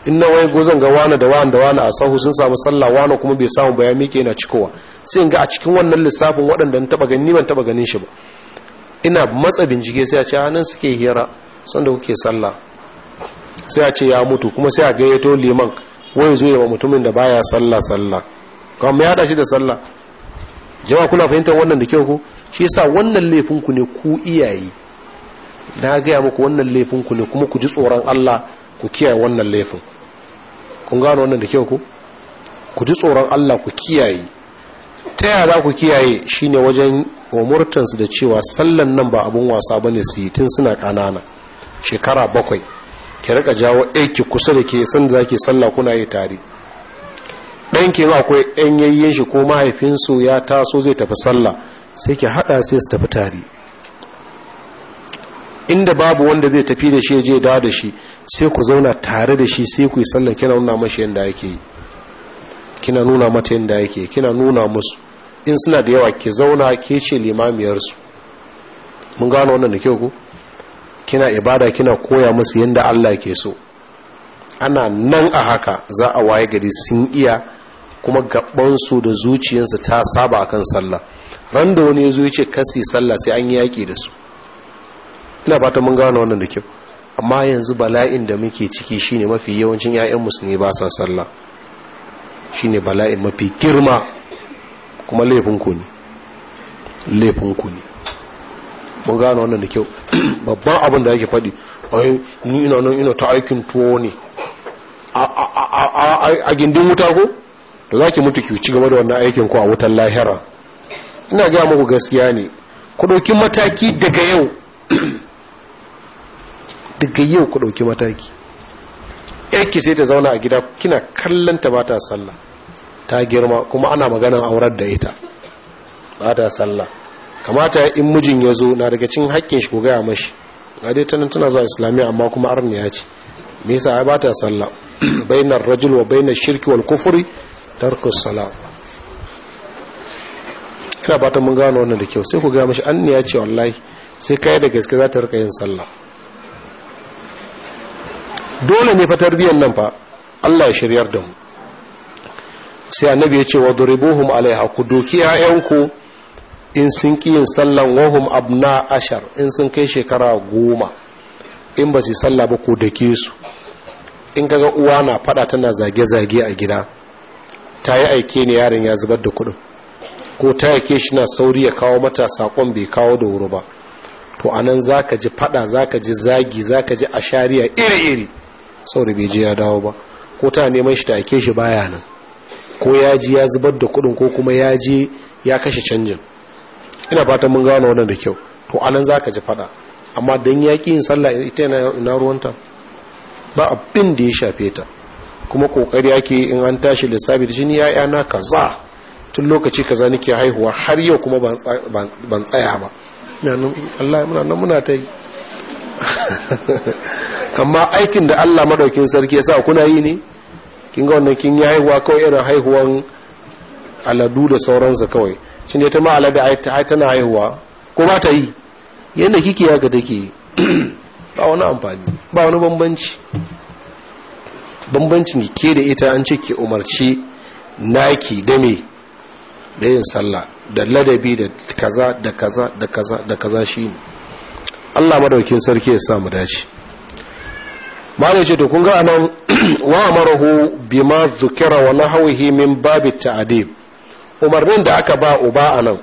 in na wai gozon ga wani da wani da wani a sahu sun samu sallah wani kuma bai samu bayan mike yana cikowa sai in ga a cikin wannan lissafin waɗanda na taba ganin ni ban taba ganin shi ba ina matsa bincike sai a ce hannun suke hira sanda kuke sallah sai a ce ya mutu kuma sai a gayyato liman wani zuwa wa mutumin da baya sallah sallah kawai mai hada shi da sallah jama'a kuna fahimtar wannan da kyau ko shi sa wannan laifinku ne ku iyaye na gaya muku wannan laifinku ne kuma ku ji tsoron Allah ku kiyaye wannan laifin kun gano wannan da kyau ko ku ji tsoron Allah ku kiyaye ta yaya za ku kiyaye shine wajen umurtansu da cewa sallan nan ba abin wasa ba ne su tun suna ƙanana shekara bakwai ki rika jawo aiki kusa da ke san za ki sallah kuna yi tare ɗanki ma akwai ɗan yayyen shi ko mahaifinsu ya taso zai tafi sallah sai ki haɗa sai su tafi tare inda babu wanda zai tafi da shi je dawo da shi sai ku zauna tare da shi sai ku yi sallah kina nuna mashi yadda ake yi kina nuna mata yadda yake kina nuna musu in suna da yawa ki zauna ke ce limamiyarsu mun gano wannan da kyau ku kina ibada kina koya musu yadda Allah ke so ana nan a haka za a waye gari sun iya kuma gabansu da zuciyarsu ta saba a kan sallah ran da wani yazo yace kasi sallah sai an yi yaƙi da su ina fata mun gano wannan da kyau amma yanzu bala'in da muke ciki shine mafi yawancin 'ya'yan musulmi ba sa sallah shine bala'in mafi girma kuma laifin ku ne laifin ne mun gano wannan da kyau babban abin da yake faɗi ai ni ina nan ina ta aikin tuwo ne a gindin wuta ko da za ki mutu ki ci gaba da wannan aikin ku a wutan lahira ina gaya muku gaskiya ne ku mataki daga yau daga yau ku ɗauki mataki yake sai ta zauna a gida kina kallon ta bata sallah ta girma kuma ana maganan aurar da ita bata sallah kamata in mijin ya zo na daga cin haƙƙin shi ko gaya mashi na dai tanan tana zuwa islamiyya amma kuma arni ya ce me yasa ai bata sallah bainar rajul wa bainar shirki wal kufri tarku salam kina bata mun gano wannan da kyau sai ku gaya mashi anniya ce wallahi sai kai da gaske za ta rika yin sallah dole ne fa tarbiyyan nan fa Allah ya shiryar da mu sai annabi ya ce wa duribuhum alaiha ku doki ayanku in sun ki yin sallan wahum abna ashar in sun kai shekara goma in ba su sallah ba ku dake su in kaga uwa na fada tana zage-zage a gida ta yi aike ne yaron ya zubar da kuɗin ko ta yake shi na sauri ya kawo mata sakon bai kawo da wuri ba to anan zaka ji fada zaka ji zagi zaka ji ashariya iri-iri saboda bai je ya dawo ba ko ta neman shi ta ake shi baya nan ko ya ji ya zubar da kuɗin ko kuma ya je ya kashe canjin ina fata mun gano wannan da kyau to anan zaka ji fada amma dan ya yin sallah ita yana ina ruwanta ba abin da ya shafe ta kuma kokari yake in an tashi lissafi da jini ya'ya na kaza tun lokaci kaza nake haihuwa har yau kuma ban tsaya ba Allah muna nan muna ta yi amma aikin da Allah madaukin sarki ya sa kuna yi ne kin ga wannan kin yi haihuwa kawai irin haihuwan aladu da sauransa kawai Shin ne ta ma aita tana haihuwa ko ba ta yi yadda kike ya ga take ba wani amfani ba wani bambanci bambancin ke da ita an ce ke umarci naki da me da yin sallah da ladabi da kaza da kaza da kaza da kaza shine Allah madaukin sarki ya samu dace malai ce to kun ga anan wa amarahu bima zukira wa nahwihi min babit ta'dib umarnin da aka ba uba anan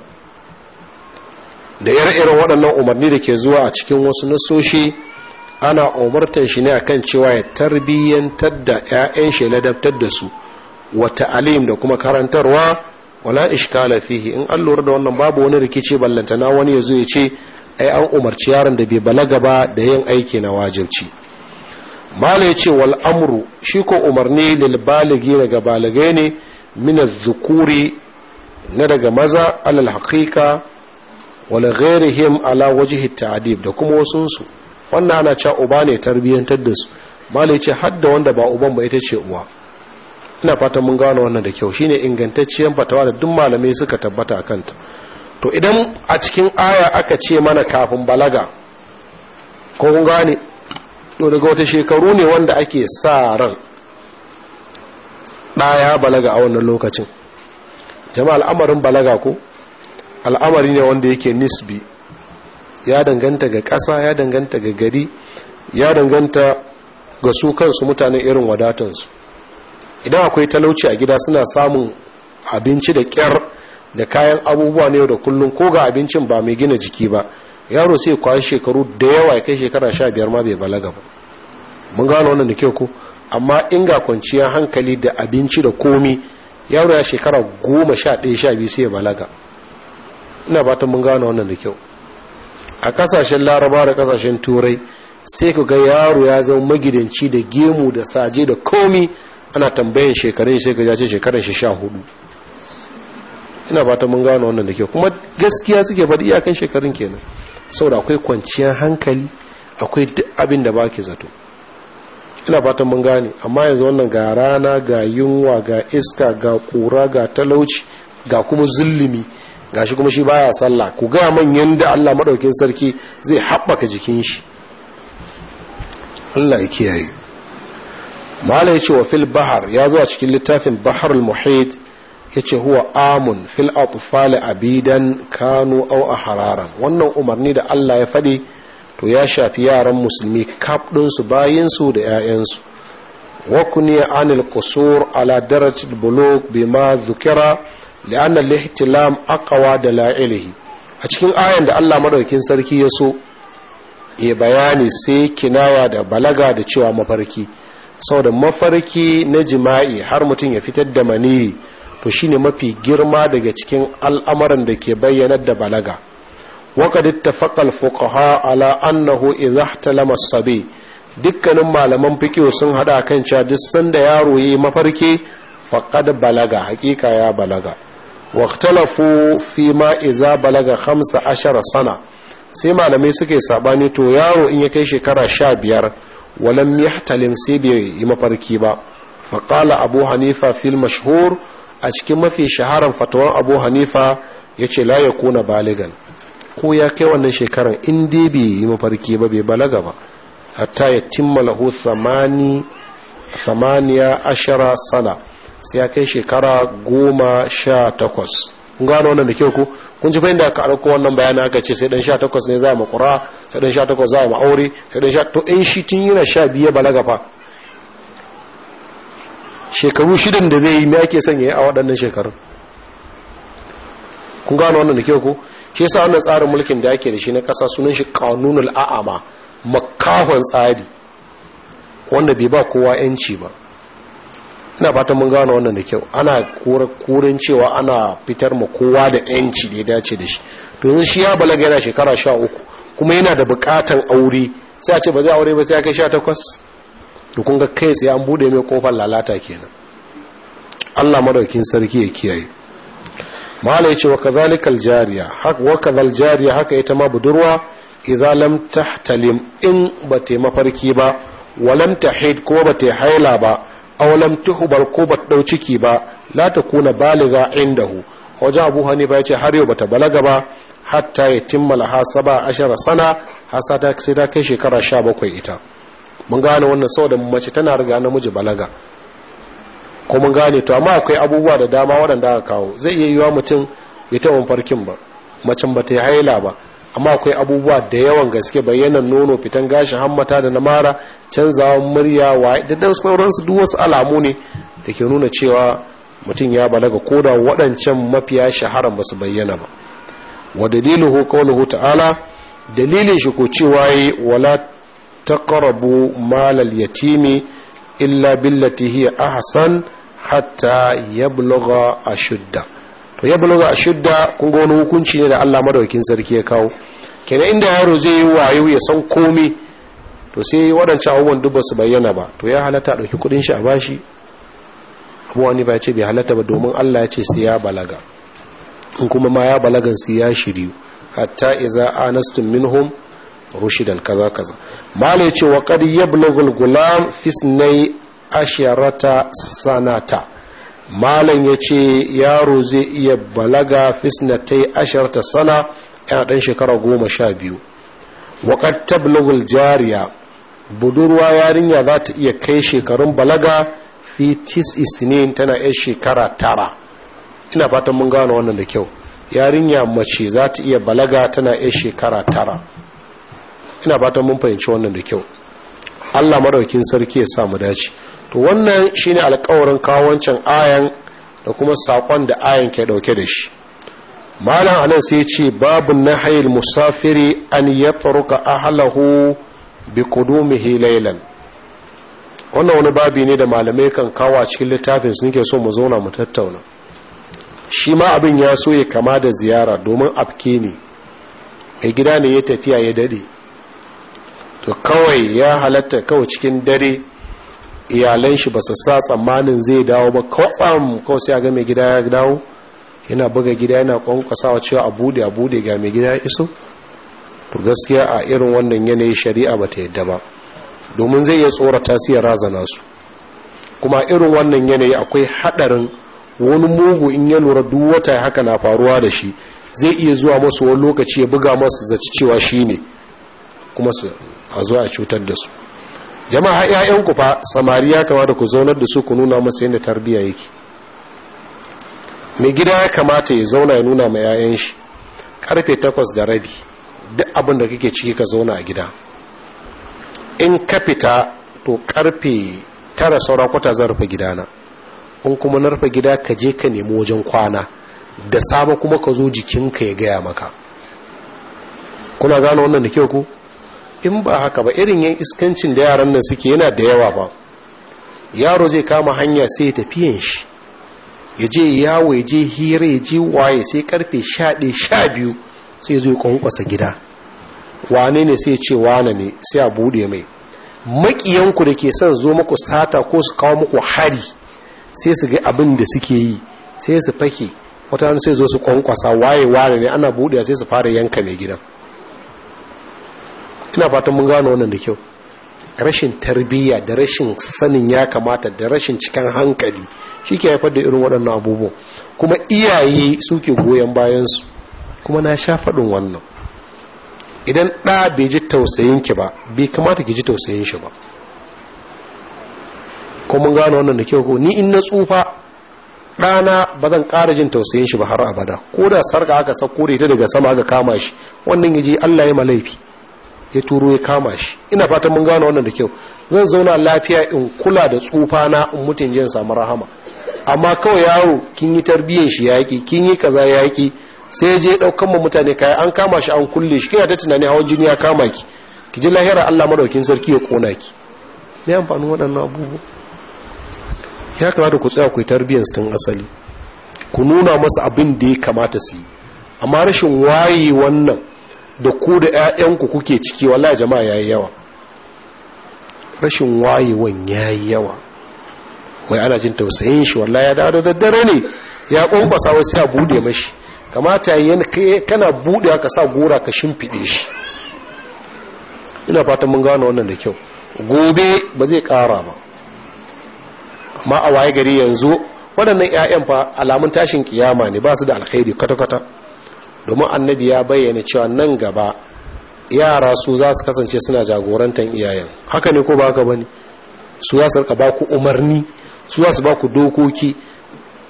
da ire-iren waɗannan umarni da ke zuwa a cikin wasu nasoshi ana umartar shi ne akan cewa ya tarbiyyantar da 'ya'yan shi ladabtar da su wa ta'alim da kuma karantarwa wala ishkala fihi in an lura da wannan babu wani rikici ballantana wani ya zo ya ce ai an umarci yaron da bai balaga ba da yin aiki na wajibci mala ya ce wal amru shi ko umarni lil baligi daga baligai ne min zukuri na daga maza alal haqiqa wal ghairihim ala wajhi ta'dib da kuma wasun su wannan ana cewa uba ne tarbiyantar da su mala ya ce hadda wanda ba uban ba ita ce uwa ina fatan mun gano wannan da kyau shine ingantacciyar fatawa da duk malamai suka tabbata a kanta to idan a cikin aya aka ce mana kafin balaga ko kun gane to daga wata shekaru ne wanda ake sa ran ɗaya balaga a wannan lokacin jama'a al'amarin balaga ko al'amari ne wanda yake nisbi ya danganta ga ƙasa ya danganta ga gari ya danganta ga su kansu mutane irin wadatansu idan akwai talauci a gida suna samun abinci da ƙyar da kayan abubuwa ne da kullum ko ga abincin ba mai gina jiki ba yaro sai kwashi shekaru da yawa ya kai shekara sha biyar ma bai balaga ba mun gano wannan da kyau ko amma in ga kwanciyar hankali da abinci da komi yaro ya shekara goma sha ɗaya sha biyu sai ya balaga ina ba ta mun gano wannan da kyau a kasashen laraba da kasashen turai sai ku ga yaro ya zama magidanci da gemu da saje da komi ana tambayin shekarun sai ka ce shekarun shi sha hudu ina ba ta mun gano wannan da ke kuma gaskiya suke iya iyakan shekarun kenan saboda akwai kwanciyar hankali akwai abin da baki zato ina ba ta mun gane amma yanzu wannan ga rana ga yunwa ga iska ga kura ga talauci ga kuma zullumi ga shi kuma shi baya sallah ku ga manyan da Allah madaukin sarki zai haɓaka jikin shi Allah ya kiyaye mala ce wa fil bahar ya zo a cikin littafin baharul muhit ya yace huwa amun fil atfal abidan kanu aw ahararan wannan umarni da Allah ya fadi to ya shafi yaran musulmi kaf din su bayin su da ƴaƴan su wa kuniya anil qusur ala darajatil bulugh bima dhukira li'an al-ihtilam aqwa dalailihi a cikin ayan da Allah madaukin sarki ya so ya bayani sai kinaya da balaga da cewa mafarki saboda mafarki na jima'i har mutum ya fitar da maniyi to shine mafi girma daga cikin al'amuran da ke bayyanar da balaga waqad ittafaqa al-fuqaha ala annahu idha sabi dukkanin malaman fiqh sun hada kan cewa duk sanda yaro yayi mafarki faqad balaga hakika ya balaga waqtalafu fi ma idza balaga 15 sana sai malamai suke sabani to yaro in ya kai shekara 15 walam yahtalim sai bai yi mafarki ba faqala abu hanifa fil mashhur a cikin mafi shaharan fatawan abu hanifa ya ce la ya kuna baligan ko ya kai wannan shekaran in dai bai yi mafarki ba bai balaga ba hatta ya timma lahu samaniya ashara sana sai ya kai shekara goma sha takwas kun gano wannan da kyau ko kun ji fahimta ka ɗauko wannan bayanin aka ce sai dan sha takwas ne za a makura sai dan sha takwas za a ma'aure sai dan sha to in shi tun yana sha biyar balaga fa shekaru shidan da zai yi me ake son yayi a waɗannan shekarun kun gano wannan da kyau ko shi yasa wannan tsarin mulkin da ake da shi na ƙasa sunan shi qanunul a'ama makahon tsari wanda bai ba kowa yanci ba ina fatan mun gano wannan da kyau ana kurin cewa ana fitar ma kowa da yanci da ya dace da shi to yanzu shi ya balaga yana shekara sha uku kuma yana da bukatan aure sai a ce ba zai aure ba sai ya kai sha takwas da kun ga kai sai an bude mai kofar lalata kenan Allah madaukin sarki ya kiyaye malai ce wa kazalikal jariya hak wa kazal jariya haka ita ma budurwa idza lam tahtalim in ba ta mafarki ba wa lam tahid ko ba ta haila ba aw lam tuhbal ko ba dau ciki ba la takuna baliga indahu wajen abu hanifa ya ce har yau bata balaga ba hatta ya timmala ha saba sana hasa sai ta kai shekara sha bakwai ita mun gane wannan saboda mace tana riga namiji balaga ko mun gane to amma akwai abubuwa da dama waɗanda aka kawo zai iya yiwa mutum ya taɓa farkin ba macen ba ta yi haila ba amma akwai abubuwa da yawan gaske bayyanan nono fitan gashi hammata da na mara canzawa murya wa da dan sauransu duk wasu alamu ne da ke nuna cewa mutum ya balaga ko da waɗancan mafiya shahara ba su bayyana ba wa daliluhu qawluhu ta'ala dalilin shi ko cewa wala taqrabu malal yatimi illa billati hiya ahsan hatta yablugha ashudda to yablugha ashudda kun ga wani hukunci ne da Allah madaukin sarki ya kawo kenan inda yaro zai yi wayo ya san komai to sai waɗancan abubuwan duk ba su bayyana ba to ya halatta ɗauki kuɗin shi a bashi abu wani ba ce bai halatta ba domin Allah ya ce sai ya balaga kuma ma ya balagan sai ya shiryu hatta iza anastum minhum rushidan kaza kaza mala ya ce wa qad yablughu gulam fisnai asharata sanata malan yace yaro zai iya balaga fisnatai asharata sana yana ɗan shekara goma sha biyu waƙar tablagul jariya budurwa yarinya za ta iya kai shekarun balaga fitis isnin tana yan shekara tara ina fatan mun gano wannan da kyau yarinya mace za ta iya balaga tana yan shekara tara ina fatan mun fahimci wannan da kyau Allah madaukin sarki ya sa mu dace to wannan shine alƙawarin kawo wancan ayan da kuma sakon da ayan ke dauke da shi malam anan sai ya ce babu nahayil musafiri an yatruka ahlahu bi qudumihi laylan wannan wani babi ne da malamai kan kawo a cikin littafin sun ke so mu zauna mu tattauna shi ma abin ya so ya kama da ziyara domin afke ne mai gida ne ya tafiya ya dade to kawai ya halatta kawai cikin dare iyalan shi ba su sa tsammanin zai dawo ba kwatsam kawai sai a ga mai gida ya dawo yana buga gida yana kwankwasawa cewa a bude a bude ga mai gida iso to gaskiya a irin wannan yanayi shari'a ba ta yadda ba domin zai iya tsorata tasiyar razana su kuma irin wannan yanayi akwai hadarin wani mugu in ya lura duk wata haka na faruwa da shi zai iya zuwa masu wani lokaci ya buga masu zaci cewa shi ne kuma su a zuwa cutar da su jama'a yayanku fa samari ya kamata ku zaunar da su ku nuna musu yadda tarbiya yake mai gida ya kamata ya zauna ya nuna ma 'ya'yan shi karfe takwas da rabi duk abin kake ciki ka zauna a gida in ka fita to karfe tara saura kwata zan rufe na, in kuma na rufe gida ka je ka nemi wajen kwana da saba kuma ka zo jikinka ya gaya maka kuna gano wannan da kyau ku in ba haka ba irin yan iskancin da yaran nan suke yana da yawa ba yaro zai kama hanya sai ya tafiyan shi ya je yawo ya je hira ya je waye sai karfe sha ɗaya sha biyu sai zai kwankwasa gida wane ne sai ce wane ne sai a buɗe mai maƙiyanku da ke son zo muku sata ko su kawo muku hari sai su ga abin da suke yi sai su fake wata sai zo su kwankwasa waye wane ne ana buɗe sai su fara yanka mai gidan ina fatan mun gano wannan da kyau rashin tarbiyya da rashin sanin ya kamata da rashin cikin hankali shi ke haifar da irin waɗannan abubuwan kuma iyaye suke goyon bayansu kuma na sha faɗin wannan idan ɗa bai ji tausayin ki ba bai kamata ki ji tausayin shi ba ko mun gano wannan da kyau ko ni in na tsufa ɗana ba zan ƙara jin tausayin shi ba har abada ko da sarka aka sauko da ita daga sama aka kama shi wannan ya je allah ya ma laifi ya turo ya kama shi ina fatan mun gano wannan da kyau zan zauna lafiya in kula da tsufa na in mutun jin samu rahama amma kawai yaro kin yi tarbiyyar shi yaki kin yi kaza yaki sai je daukan mu mutane kai an kama shi an kulle shi kina ta tunani hawan jini ya kama ki ki ji lahira Allah madaukin sarki ya kona ki me amfanin waɗannan abubuwa ya kamata ku tsaya ku yi tarbiyyar tun asali ku nuna masa abin da ya kamata su yi amma rashin waye wannan da ku da 'ya'yanku kuke ciki wala jama'a ya yi yawa rashin wayewan ya yi yawa wai ana jin tausayin shi wala ya dawo da daddare ne ya kwankwasa wasu ya bude mashi kamata yana kana bude ka sa gora ka shimfiɗe shi ina fatan mun gano wannan da kyau gobe ba zai ƙara ba amma a waye gari yanzu waɗannan 'ya'yan fa alamun tashin kiyama ne ba su da alkhairi kwata-kwata domin annabi ya bayyana cewa nan gaba yara su za su kasance suna jagorantar iyayen haka ne ko ba haka bane su za su ba ku umarni su za su ba ku dokoki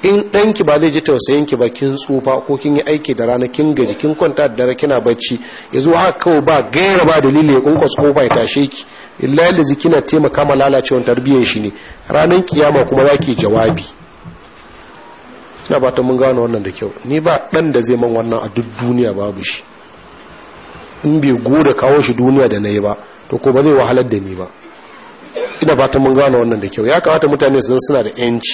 in ɗanki ba zai ji tausayin ki ba kin tsufa ko kin yi aiki da rana kin gaji kin kwanta da dare kina bacci ya zo haka kawai ba gaira ba dalili ya kunkwas ko ya tashe ki illa yadda kina taimaka ma lalacewar tarbiyyar shi ne ranar kiyama kuma za ki jawabi na ba ta mun gano wannan da kyau ni ba ɗan da zai man wannan a duk duniya babu shi in bai goda kawo shi duniya da na yi ba to ko ba zai wahalar da ni ba ina ba ta mun gano wannan da kyau ya kamata mutane su suna da yanci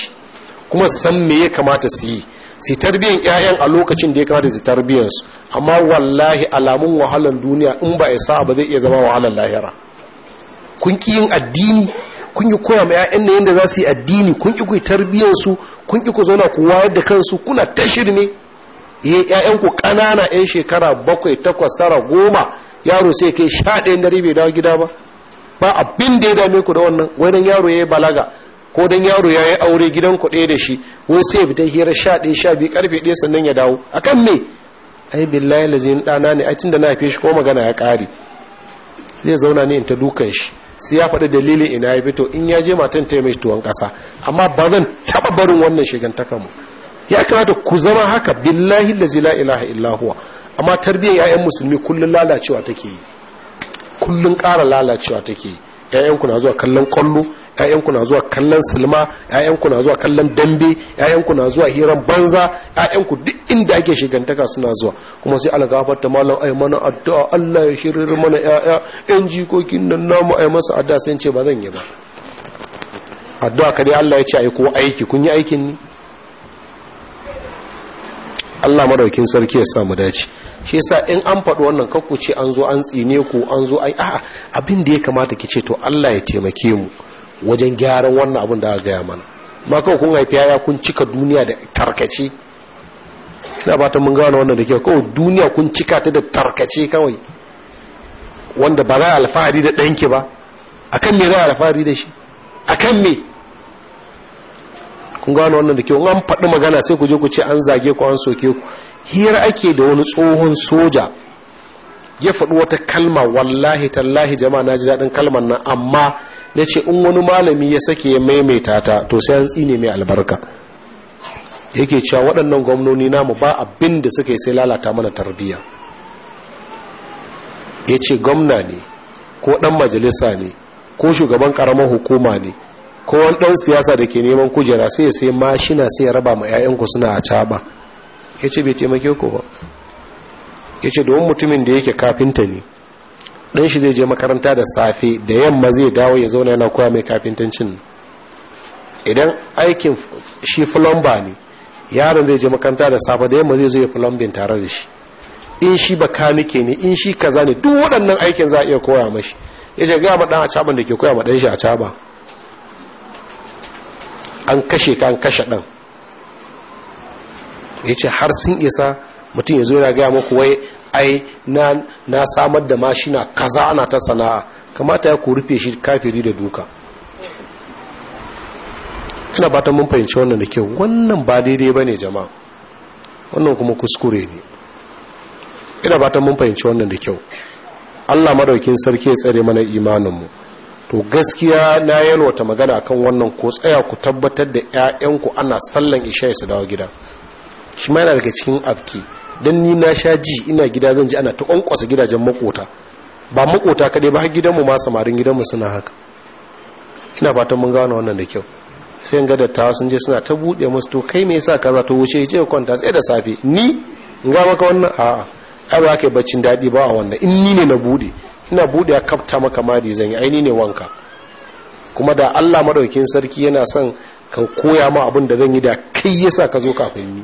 kuma san me ya kamata su yi su tarbiyyar 'ya'yan a lokacin da ya kamata su tarbiyyar su amma wallahi alamun wahalar duniya in ba a sa ba zai iya zama wahalar lahira kun yin addini kun yi koya mai 'ya'yan na yadda za su yi addini kun ƙi kuyi tarbiyyarsu kun ƙi ku zauna ku wayar da kansu kuna ta shirme ya eh, 'ya'yan ku ƙanana 'yan shekara bakwai takwas tara goma yaro sai kai sha ɗayan dare bai dawo gida ba ba abin da ya dame ku da wannan wani yaro ya yi balaga ko dan yaro ya yi aure gidan ku ɗaya da shi wai sai ya fita hira sha ɗaya sha biyu karfe ɗaya sannan ya dawo a kan me ai billahi lazim ɗana ne a tun da na haife shi ko magana ya ƙare zai zauna ne in ta dukan shi sai ya faɗi dalilin ina ya fito in ya je matan ta mai tuwon ƙasa amma ba zan taɓa barin wannan shigantakan mu ya kamata ku zama haka billahi lazi la ilaha illahuwa amma tarbiyyar 'ya'yan musulmi kullum lalacewa take yi kullum ƙara lalacewa take yi ƴaƴanku na zuwa kallon kwallo Ya'yanku na zuwa kallon silma ƴaƴanku na zuwa kallon dambe ƴaƴanku na zuwa hiran banza Ya'yanku duk inda ake shigantaka suna zuwa kuma sai Allah gafar ta malam ai mana addu'a Allah ya shirir mana ƴaƴa 'Yan jikokin nan namu ai masa addu'a sai ce ba zan yi ba addu'a ka dai Allah ya ce ai ko aiki kun yi aikin ni Allah madaukin sarki ya samu dace shi yasa in an faɗi wannan kakku ce an zo an tsine ku an zo ai a'a abin da ya kamata ki ce to Allah ya taimake mu wajen gyaran wannan abin da aka gaya mana ba kawai kun haifi yaya kun cika duniya da tarkace ina ta mun ga wannan da kyau kawai duniya kun cika ta da tarkace kawai wanda ba za alfahari da ɗanki ba akan me za alfahari da shi akan me kun gano wannan da kyau an faɗi magana sai ku je ku ce an zage ku an soke ku hira ake da wani tsohon soja ya faɗi wata kalma wallahi tallahi jama'a na ji daɗin kalmar nan amma na ce in wani malami ya sake ya maimaita ta to sai an tsine mai albarka yake cewa waɗannan gwamnoni namu ba abin da suka yi sai lalata mana tarbiyya ya ce gwamna ne ko ɗan majalisa ne ko shugaban ƙaramar hukuma ne ko wani ɗan siyasa da ke neman kujera sai ya sai mashina sai ya raba ma 'ya'yanku suna a caɓa ya ce bai taimake ku ba ya ce domin mutumin da yake kafinta ne ɗan shi zai je makaranta da safe da yamma zai dawo ya zauna yana koya mai kafintancin idan aikin shi flamba ne yaron zai je makaranta da safe da yamma zai zo ya flambin tare da shi in shi bakanike ne in shi kaza ne duk waɗannan aikin za a iya koya mashi ya ce gaya ɗan a caban da ke koya maɗan shi a caba an kashe ka an kashe ɗan ya ce har sun isa mutum ya zo yana gaya muku wai ai na samar da mashina kaza ana ta sana'a kamata ya ku rufe shi kafiri da duka ina ba ta mun fahimci wannan da kyau wannan ba daidai ba ne jama'a wannan kuma kuskure ne ina ba ta mun fahimci wannan da kyau allah madaukin sarki ya tsare mana imaninmu to gaskiya na yalwata magana kan wannan ko tsaya ku tabbatar da 'ya'yanku ana sallan isha su dawo gida shi ma yana daga cikin afki don ni na sha ji ina gida zan ji ana ta kwankwasa gidajen makota ba makota kaɗai ba har gidanmu ma samarin gidanmu suna haka ina fatan mun gano wannan da kyau sai ga dattawa sun je suna ta buɗe musu to kai me yasa ka za ta wuce ya ce kwanta sai da safe ni in ga maka wannan a'a ai ba kai baccin daɗi ba a wannan in ni ne na buɗe ina buɗe ya kafta maka mari zan yi ai ni ne wanka kuma da Allah madaukin sarki yana son ka koya ma abin da zan yi da kai yasa ka zo kafin ni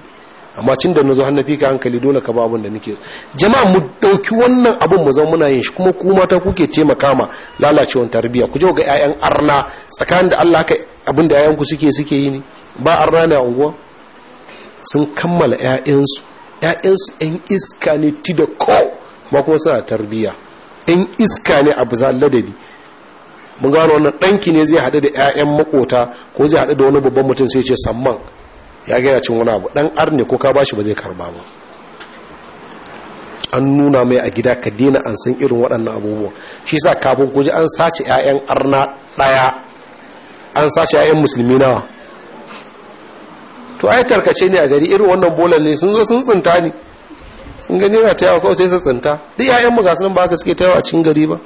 amma cin da nazo hannafi ka hankali dole ka ba abin da nake jama'a mu dauki wannan abin mu zama muna yin shi kuma kuma ta kuke taimaka ma lalacewar tarbiyya ku je ga ƴaƴan arna tsakanin da Allah ka abin da ƴaƴan suke suke yi ne ba arna ne a unguwa sun kammala ƴaƴansu su ƴan iska ne ti da ko ba kuma suna tarbiyya ƴan iska ne a bisa ladabi mun gano wannan danki ne zai hada da 'ya'yan makota ko zai hada da wani babban mutum sai ce samman ya gaya cin wani abu dan arne ko ka bashi ba zai karba ba an nuna mai a gida ka dina an san irin waɗannan abubuwa shi sa kafin kuji an sace 'ya'yan arna ɗaya an sace 'ya'yan musulmi nawa to ai karkace ne a gari irin wannan bolan ne sun zo sun tsinta ne sun gani yana ta yawa kawai sai su tsinta duk 'ya'yan mu gasu nan ba ka suke ta yawa a cikin gari ba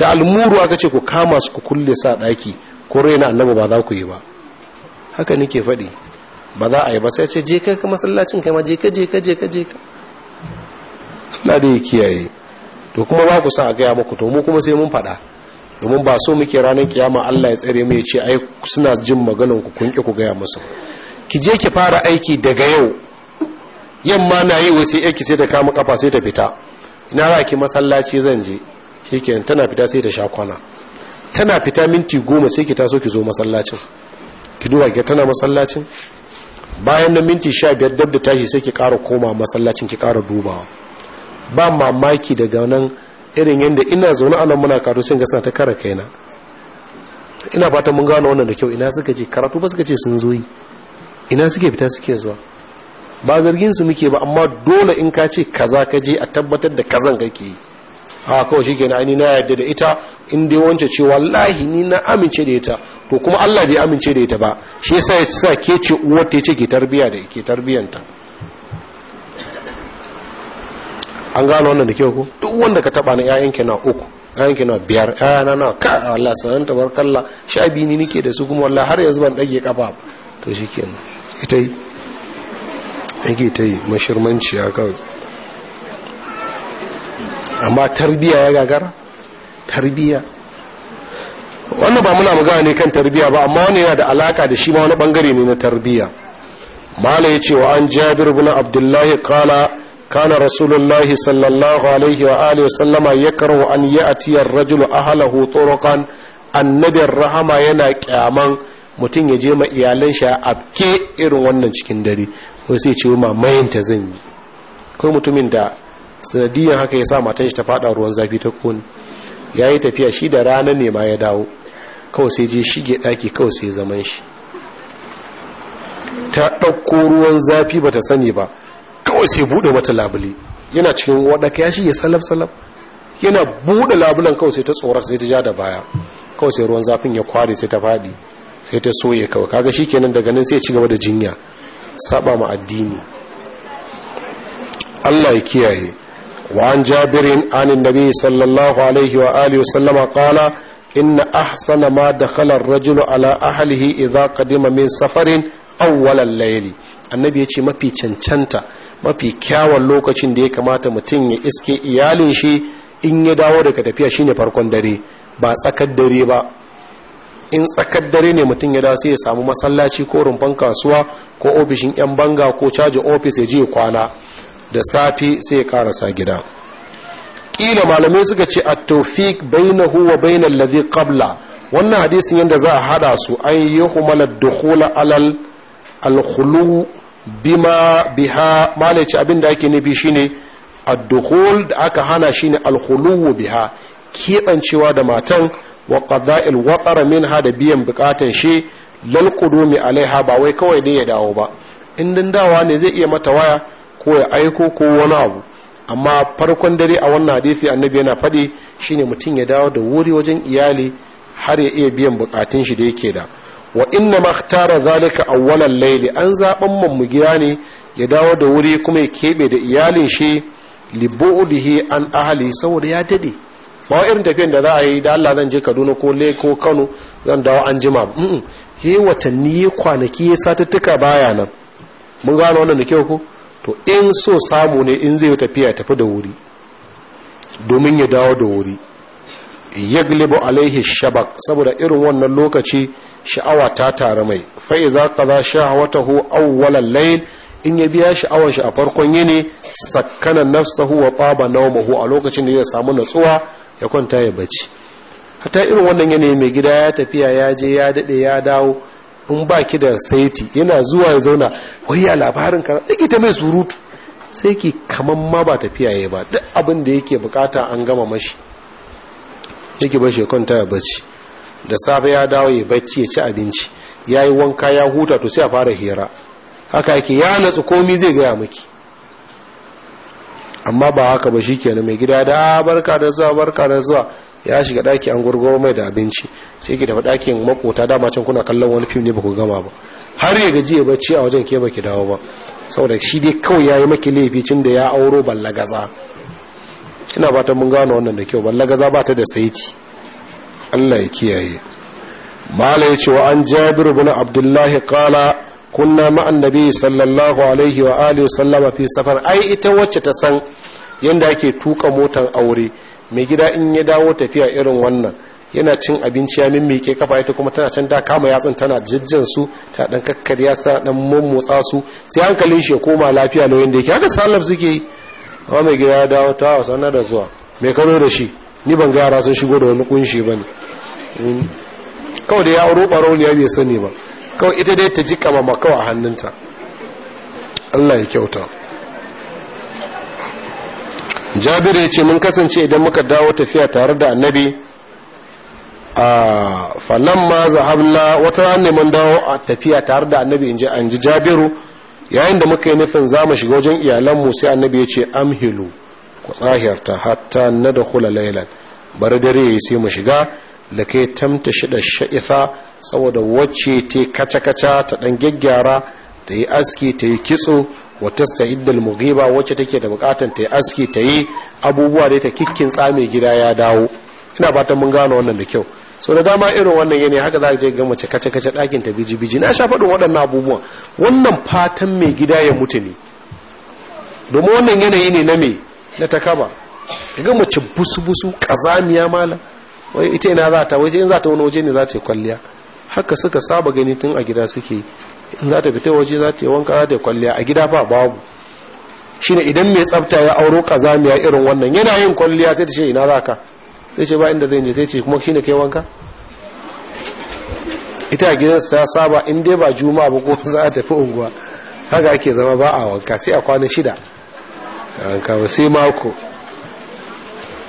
da almuru aka ce ku kama su ku kulle sa ɗaki ko raina annabi ba za ku yi ba haka nake faɗi ba za a yi ba sai ce je ka masallacin kai ma je ka je ka je Allah da ya kiyaye to kuma ba ku san a gaya muku to mu kuma sai mun faɗa domin ba so muke ranar kiyama Allah ya tsare mu ya ce ai suna jin maganan ku kun ki ku gaya musu ki je ki fara aiki daga yau yamma na yi wasu aiki sai da kama kafa sai ta fita ina za ki masallaci zan je shikenan tana fita sai ta sha kwana tana fita minti goma sai ki taso ki zo masallacin ki duba ki tana masallacin bayan na minti sha biyar dab da tashi sai ki ƙara koma masallacin ki ƙara dubawa ba mamaki daga nan irin yadda ina zaune a nan muna karu sun gasa ta kara kaina ina fata mun gano wannan da kyau ina suka ce karatu ba suka ce sun zo ina suke fita suke zuwa ba zargin su muke ba amma dole in ka ce kaza ka je a tabbatar da kazan kake yi a kawai shi na ni na yadda da ita inda wance ce wallahi ni na amince da ita to kuma Allah bai amince da ita ba shi yasa ya sa ke ce uwar ta ce ke tarbiya da ke tarbiyanta an gano wannan da kyau ku duk wanda ka taba na ƴaƴanki na uku ƴaƴanki na biyar ƴaƴana na ka Allah sanan tabarkalla sha biyu ni nike da su kuma wallahi har yanzu ban dage kafa to shikenan ita yi yake ta yi mashirmanci ya kawai amma tarbiya ya gagara tarbiya wannan ba muna magana ne kan tarbiya ba amma wani yana da alaka da shi ma wani bangare ne na tarbiya mala ya ce wa an jabir bin abdullahi kala kana rasulullahi sallallahu alaihi wa alihi sallama ya karo an yi atiyar rajulu ahalahu tsorokan annabin rahama yana kyaman mutum ya je ma iyalan shi a abke irin wannan cikin dare ko sai ce ma mayanta zan yi ko mutumin da sanadiyar haka ya sa matan shi ta fada ruwan zafi ta kone ya yi tafiya shi da rana ne ma ya dawo kawai sai je shige daki kawai sai zaman shi ta ɗauko ruwan zafi ba ta sani ba kawai sai buɗe mata labule yana cikin waɗaka ya shige salaf-salaf yana buɗe labulen kawai sai ta tsorar sai ta ja da baya kawai sai ruwan zafin ya kware sai ta faɗi sai ta soye kawai kaga shi kenan daga nan sai ci gaba da jinya saba ma addini Allah ya kiyaye وعن جابر عن النبي صلى الله عليه وآله وسلم قال إن أحسن ما دخل الرجل على أهله إذا قدم من سفر أول الليل annabi ya ce mafi cancanta mafi kyawun lokacin da ya kamata mutum ya iske iyalin shi in ya dawo daga tafiya shine farkon dare ba tsakar dare ba in tsakar dare ne mutum ya dawo sai ya samu masallaci ko rumfan kasuwa ko ofishin yan banga ko caji ofis ya je kwana da safe sai ya karasa gida ƙila malamai suka ce a taufik bainahu wa bainal ladhi qabla wannan hadisin yadda za a hada su an da dukhul alal alkhulu bima biha malai abinda ake nufi shine ad-dukhul da aka hana shine alkhulu biha kebancewa da matan wa qada'il waqara minha da biyan bukatan shi lal qudumi alaiha ba wai kawai dai ya dawo ba in din dawa ne zai iya mata waya ko ya aiko ko wani abu amma farkon dare a wannan hadisi annabi yana faɗi shine mutum ya dawo da wuri wajen iyali har ya iya biyan bukatun shi da yake da wa inna makhtara zalika awwalan layli an zaban mugiya ne ya dawo da wuri kuma ya kebe da iyalin shi li an ahli saboda ya dade ba irin tafiyan da za a yi da Allah zan je Kaduna ko Lagos ko Kano zan dawo an jima mm yi watanni kwanaki ya satuttuka baya nan mun gano wannan da kyau ko to in so samu ne in zai tafiya tafi da wuri domin ya dawo da wuri yaglibu alaihi shabak saboda irin wannan lokaci sha'awa ta tare mai fai za sha wata shahwatahu auwalan layin in ya biya sha'awar shi a farkon yini sakkana nafsahu wa nawa nawmuhu a lokacin da ya samu natsuwa ya kwanta ya bace. Hata irin wannan yanayi mai gida ya tafiya ya je ya daɗe ya dawo in ba ki da saiti yana zuwa ya zauna wayya labarin ka yake ta mai surutu sai ki kaman ma ba tafiya ya ba duk abin da yake bukata an gama mashi yake bashi ya kwanta ya bacci da safe ya dawo ya bacci ya ci abinci ya yi wanka ya huta to sai a fara hira haka yake ya natsu komi zai gaya miki amma ba haka ba shi kenan mai gida da ah, barka da zuwa barka da zuwa ya shiga daki an gurgurwa mai da abinci sai ki tafi dakin makota dama can kuna kallon wani fim ne ba ku gama ba har ya gaji ya bacci a wajen ke baki dawo ba saboda shi dai kawai yayi maki laifi tun da ya auro ballagaza ina ta mun gano wannan da kyau ballagaza ba ta da saiti Allah ya kiyaye mala ce wa an jabir ibn abdullah qala kunna ma annabi sallallahu alaihi wa alihi sallama fi safar ai ita wacce ta san yanda ake tuka motan aure mai gida in ya dawo tafiya irin wannan yana cin abinci ya mimmike kafa ita kuma tana can ta kama yatsun tana jijjin su ta dan kakkarya sa dan mummotsa su sai hankalin shi ya koma lafiya lauyin da yake haka salaf suke yi amma mai gida ya dawo ta wasa da zuwa mai kano da shi ni ban ga yara sun shigo da wani kunshi ba ne mm. kawai da ya auro baro ne ya sani ba kawai ita dai ta jika ma makawa hannunta Allah ya kyauta Jabiru ya ce mun kasance idan muka dawo tafiya tare da annabi a falamma zahabna wata ranar mun dawo a tafiya tare da annabi in ji an ji jabiru yayin da muka yi nufin za mu shiga wajen iyalanmu sai annabi ya ce amhilu ku tsahirta hatta na da hula lailan bari dare ya yi sai mu shiga da kai tamta shida sha'ifa saboda wacce ta kaca-kaca ta ɗan gyaggyara ta yi aski ta yi kitso wata sa'iddal mugiba wacce take da bukatan ta yi aski ta yi abubuwa da ta kikkin tsame gida ya dawo ina fatan mun gano wannan da kyau so da dama irin wannan yanayi haka za a je ga mace kace kace ɗakin ta biji biji na sha faɗin waɗannan abubuwa wannan fatan mai gida ya mutu ne domin wannan yanayi ne na me na ta kaba ga mace busu busu kazamiya mala wai ita ina za ta wai in za ta wani waje ne za ta yi kwalliya haka suka saba gani tun a gida suke in za ta fita waje za ta yi wanka za ta kwalliya a gida ba babu shi ne idan mai tsafta ya auro kazamiya irin wannan yana yin kwalliya sai ta ce ina za ka sai ce ba inda zai je sai ce kuma shi ne kai wanka ita a gidansa ta saba in dai ba juma'a ba ko za a tafi unguwa haka ake zama ba a wanka sai a kwana shida a wanka ba sai mako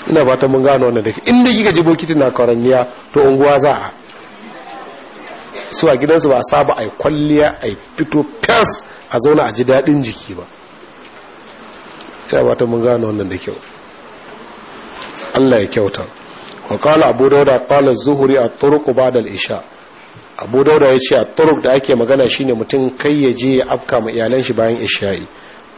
ina fata mun gano wannan da inda kika je bokitin na karanniya to unguwa za a suwa gidansu ba a saba a yi kwalliya a yi fito fes a zauna a ji daɗin jiki ba ya bata mun gano wannan da kyau Allah ya kyauta wa abu dauda kala zuhuri a turuku ba da isha abu dauda ya ce a turuk da ake magana shine mutum kai ya je ya afka ma iyalan shi bayan isha'i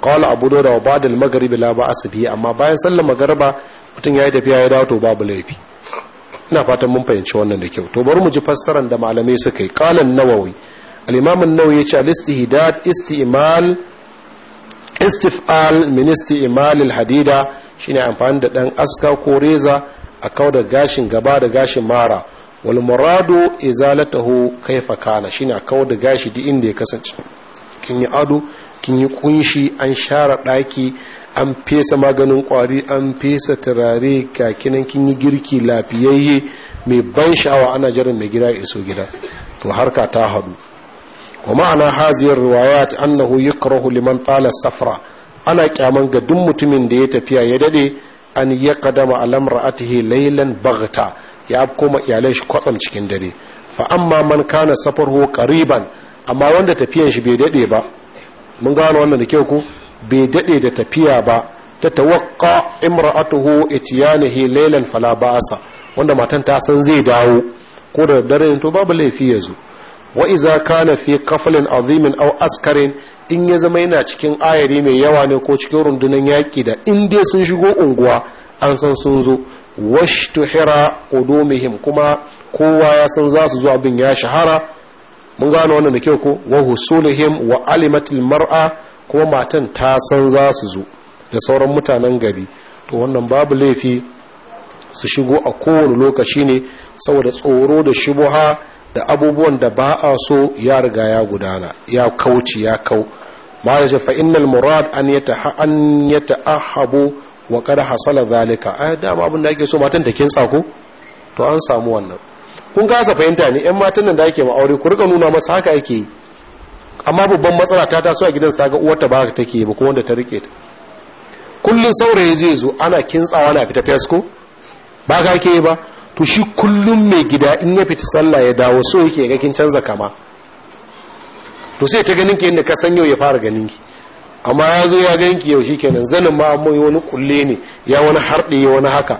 kala abu dauda wa ba da magari bila ba asibi amma bayan sallar magariba mutum ya yi tafiya ya dawo to babu laifi ina fatan mun fahimci wannan da kyau to bari mu ji fassarar da malamai suka yi qalan nawawi al-imam an-nawawi yace al istihdad isti'mal istif'al min isti'mal al-hadida shine amfani da dan aska ko reza a kawo da gashin gaba da gashin mara wal muradu izalatahu kaifa kana shine a kawo da gashi duk inda ya kasance kin yi ado kin yi kunshi an share daki an fesa maganin kwari an fesa turare kakinan kin yi girki lafiyayye mai ban sha'awa ana jiran mai gida iso gida to harka ta hadu wa ma'ana haziyar riwayat annahu yukrahu liman tala safra ana kyaman ga duk mutumin da ya tafiya ya dade an ya kadama alam ra'atihi lailan baghta ya koma iyalai shi kwatsam cikin dare fa amma man kana safarhu qariban amma wanda tafiyan shi bai dade ba mun gano wannan da kyau ko bai daɗe da tafiya ba ta tawakka imra'atuhu itiyanihi laylan fala ba'asa wanda matan ta san zai dawo ko da dare to babu laifi yazo zo wa iza kana fi kafalin azimin aw askarin in ya zama yana cikin ayari mai yawa ne ko cikin rundunar yaƙi da in dai sun shigo unguwa an san sun zo washtuhira qudumihim kuma kowa ya san za su zo abin ya shahara mun gano wannan da kyau ko wa husulihim wa alimatil mar'a kuma matan ta san za su zo da sauran mutanen gari to wannan babu laifi su shigo a kowane lokaci ne saboda tsoro da shubuha da abubuwan da ba a so ya riga ya gudana ya kauci ya kau da shafa innal murad an yata an ahabu wa kada hasala zalika ai ma abin da ake so matan da kin tsako to an samu wannan kun kasa fahimta ne yan matan da ake ma aure ku rika nuna masa haka ake yi amma babban matsala ta taso a gidansa ta ga uwarta ba take ba ko wanda ta rike ta kullum saurayi zai zo ana kintsawa na fita fesko ba ka ke ba to shi kullum mai gida in ya fita sallah ya dawo so yake ga kin canza kama to sai ta ganin ki inda ka san yau ya fara ganin ki amma ya zo ya ganin ki yau shikenan zanin ma yi wani kulle ne ya wani harɗe ya wani haka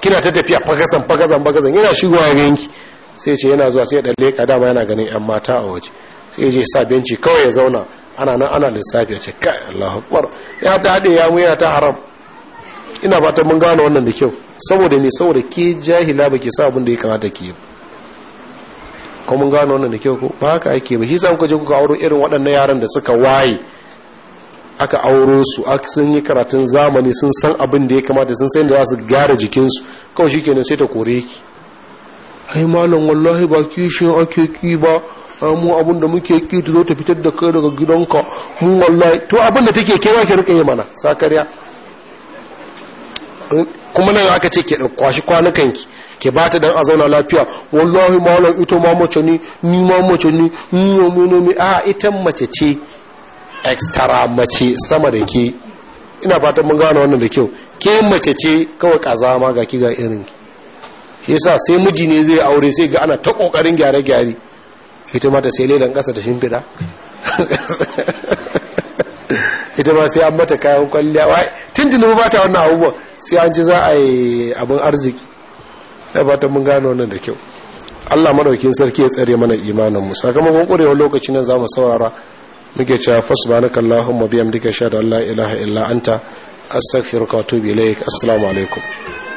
kina ta tafiya fagasan fagasan fagasan yana shigowa ya ganin ki sai ce yana zuwa sai ya dalle ka dama yana ganin yan mata a waje sai je sa benci kawai ya zauna ana nan ana lissafi ce kai Allahu akbar ya dade ya muya ta haram ina fatan mun gano wannan da kyau saboda me saboda ke jahila baki sa abin da ya kamata ki yi ko mun gano wannan da kyau ko ba haka ake ba shi sa kuka je kuka auro irin waɗannan yaran da suka waye aka auro su aka sun yi karatun zamani sun san abin da ya kamata sun san da za su gyara su kawai shikenan sai ta kore ki ai malam wallahi ba kishin ake ki ba mu abin da muke ki ta zo ta fitar da kai daga gidanka mu wallahi to abin da take kewa ki rika yi mana sakariya eh, kuma nan aka ce ke kwashi kwanukan ki ke bata dan a zauna lafiya wallahi malam ita ma mace ni ni ma mace ni ni mu ne mi a ita mace ce extra mace sama da ke ina fatan mun gane wannan da kyau ke mace ce kawai kazama ga ki ga irin ki yasa sai miji ne zai aure sai ga ana ta kokarin gyare-gyare ita ma ta sai ƙasa da shimfiɗa ita ma sai an mata kayan kwalliya wai tuntuni ba ta wannan abubuwan sai an ci za a yi abin arziki ya ba ta mun gano wannan da kyau Allah madaukin sarki ya tsare mana imanin musa sakamakon ƙurewar lokacin nan zamu saurara muke cewa duka biyamdika shada allah ilaha illa anta astaghfiruka wa atubu ilaik assalamu alaikum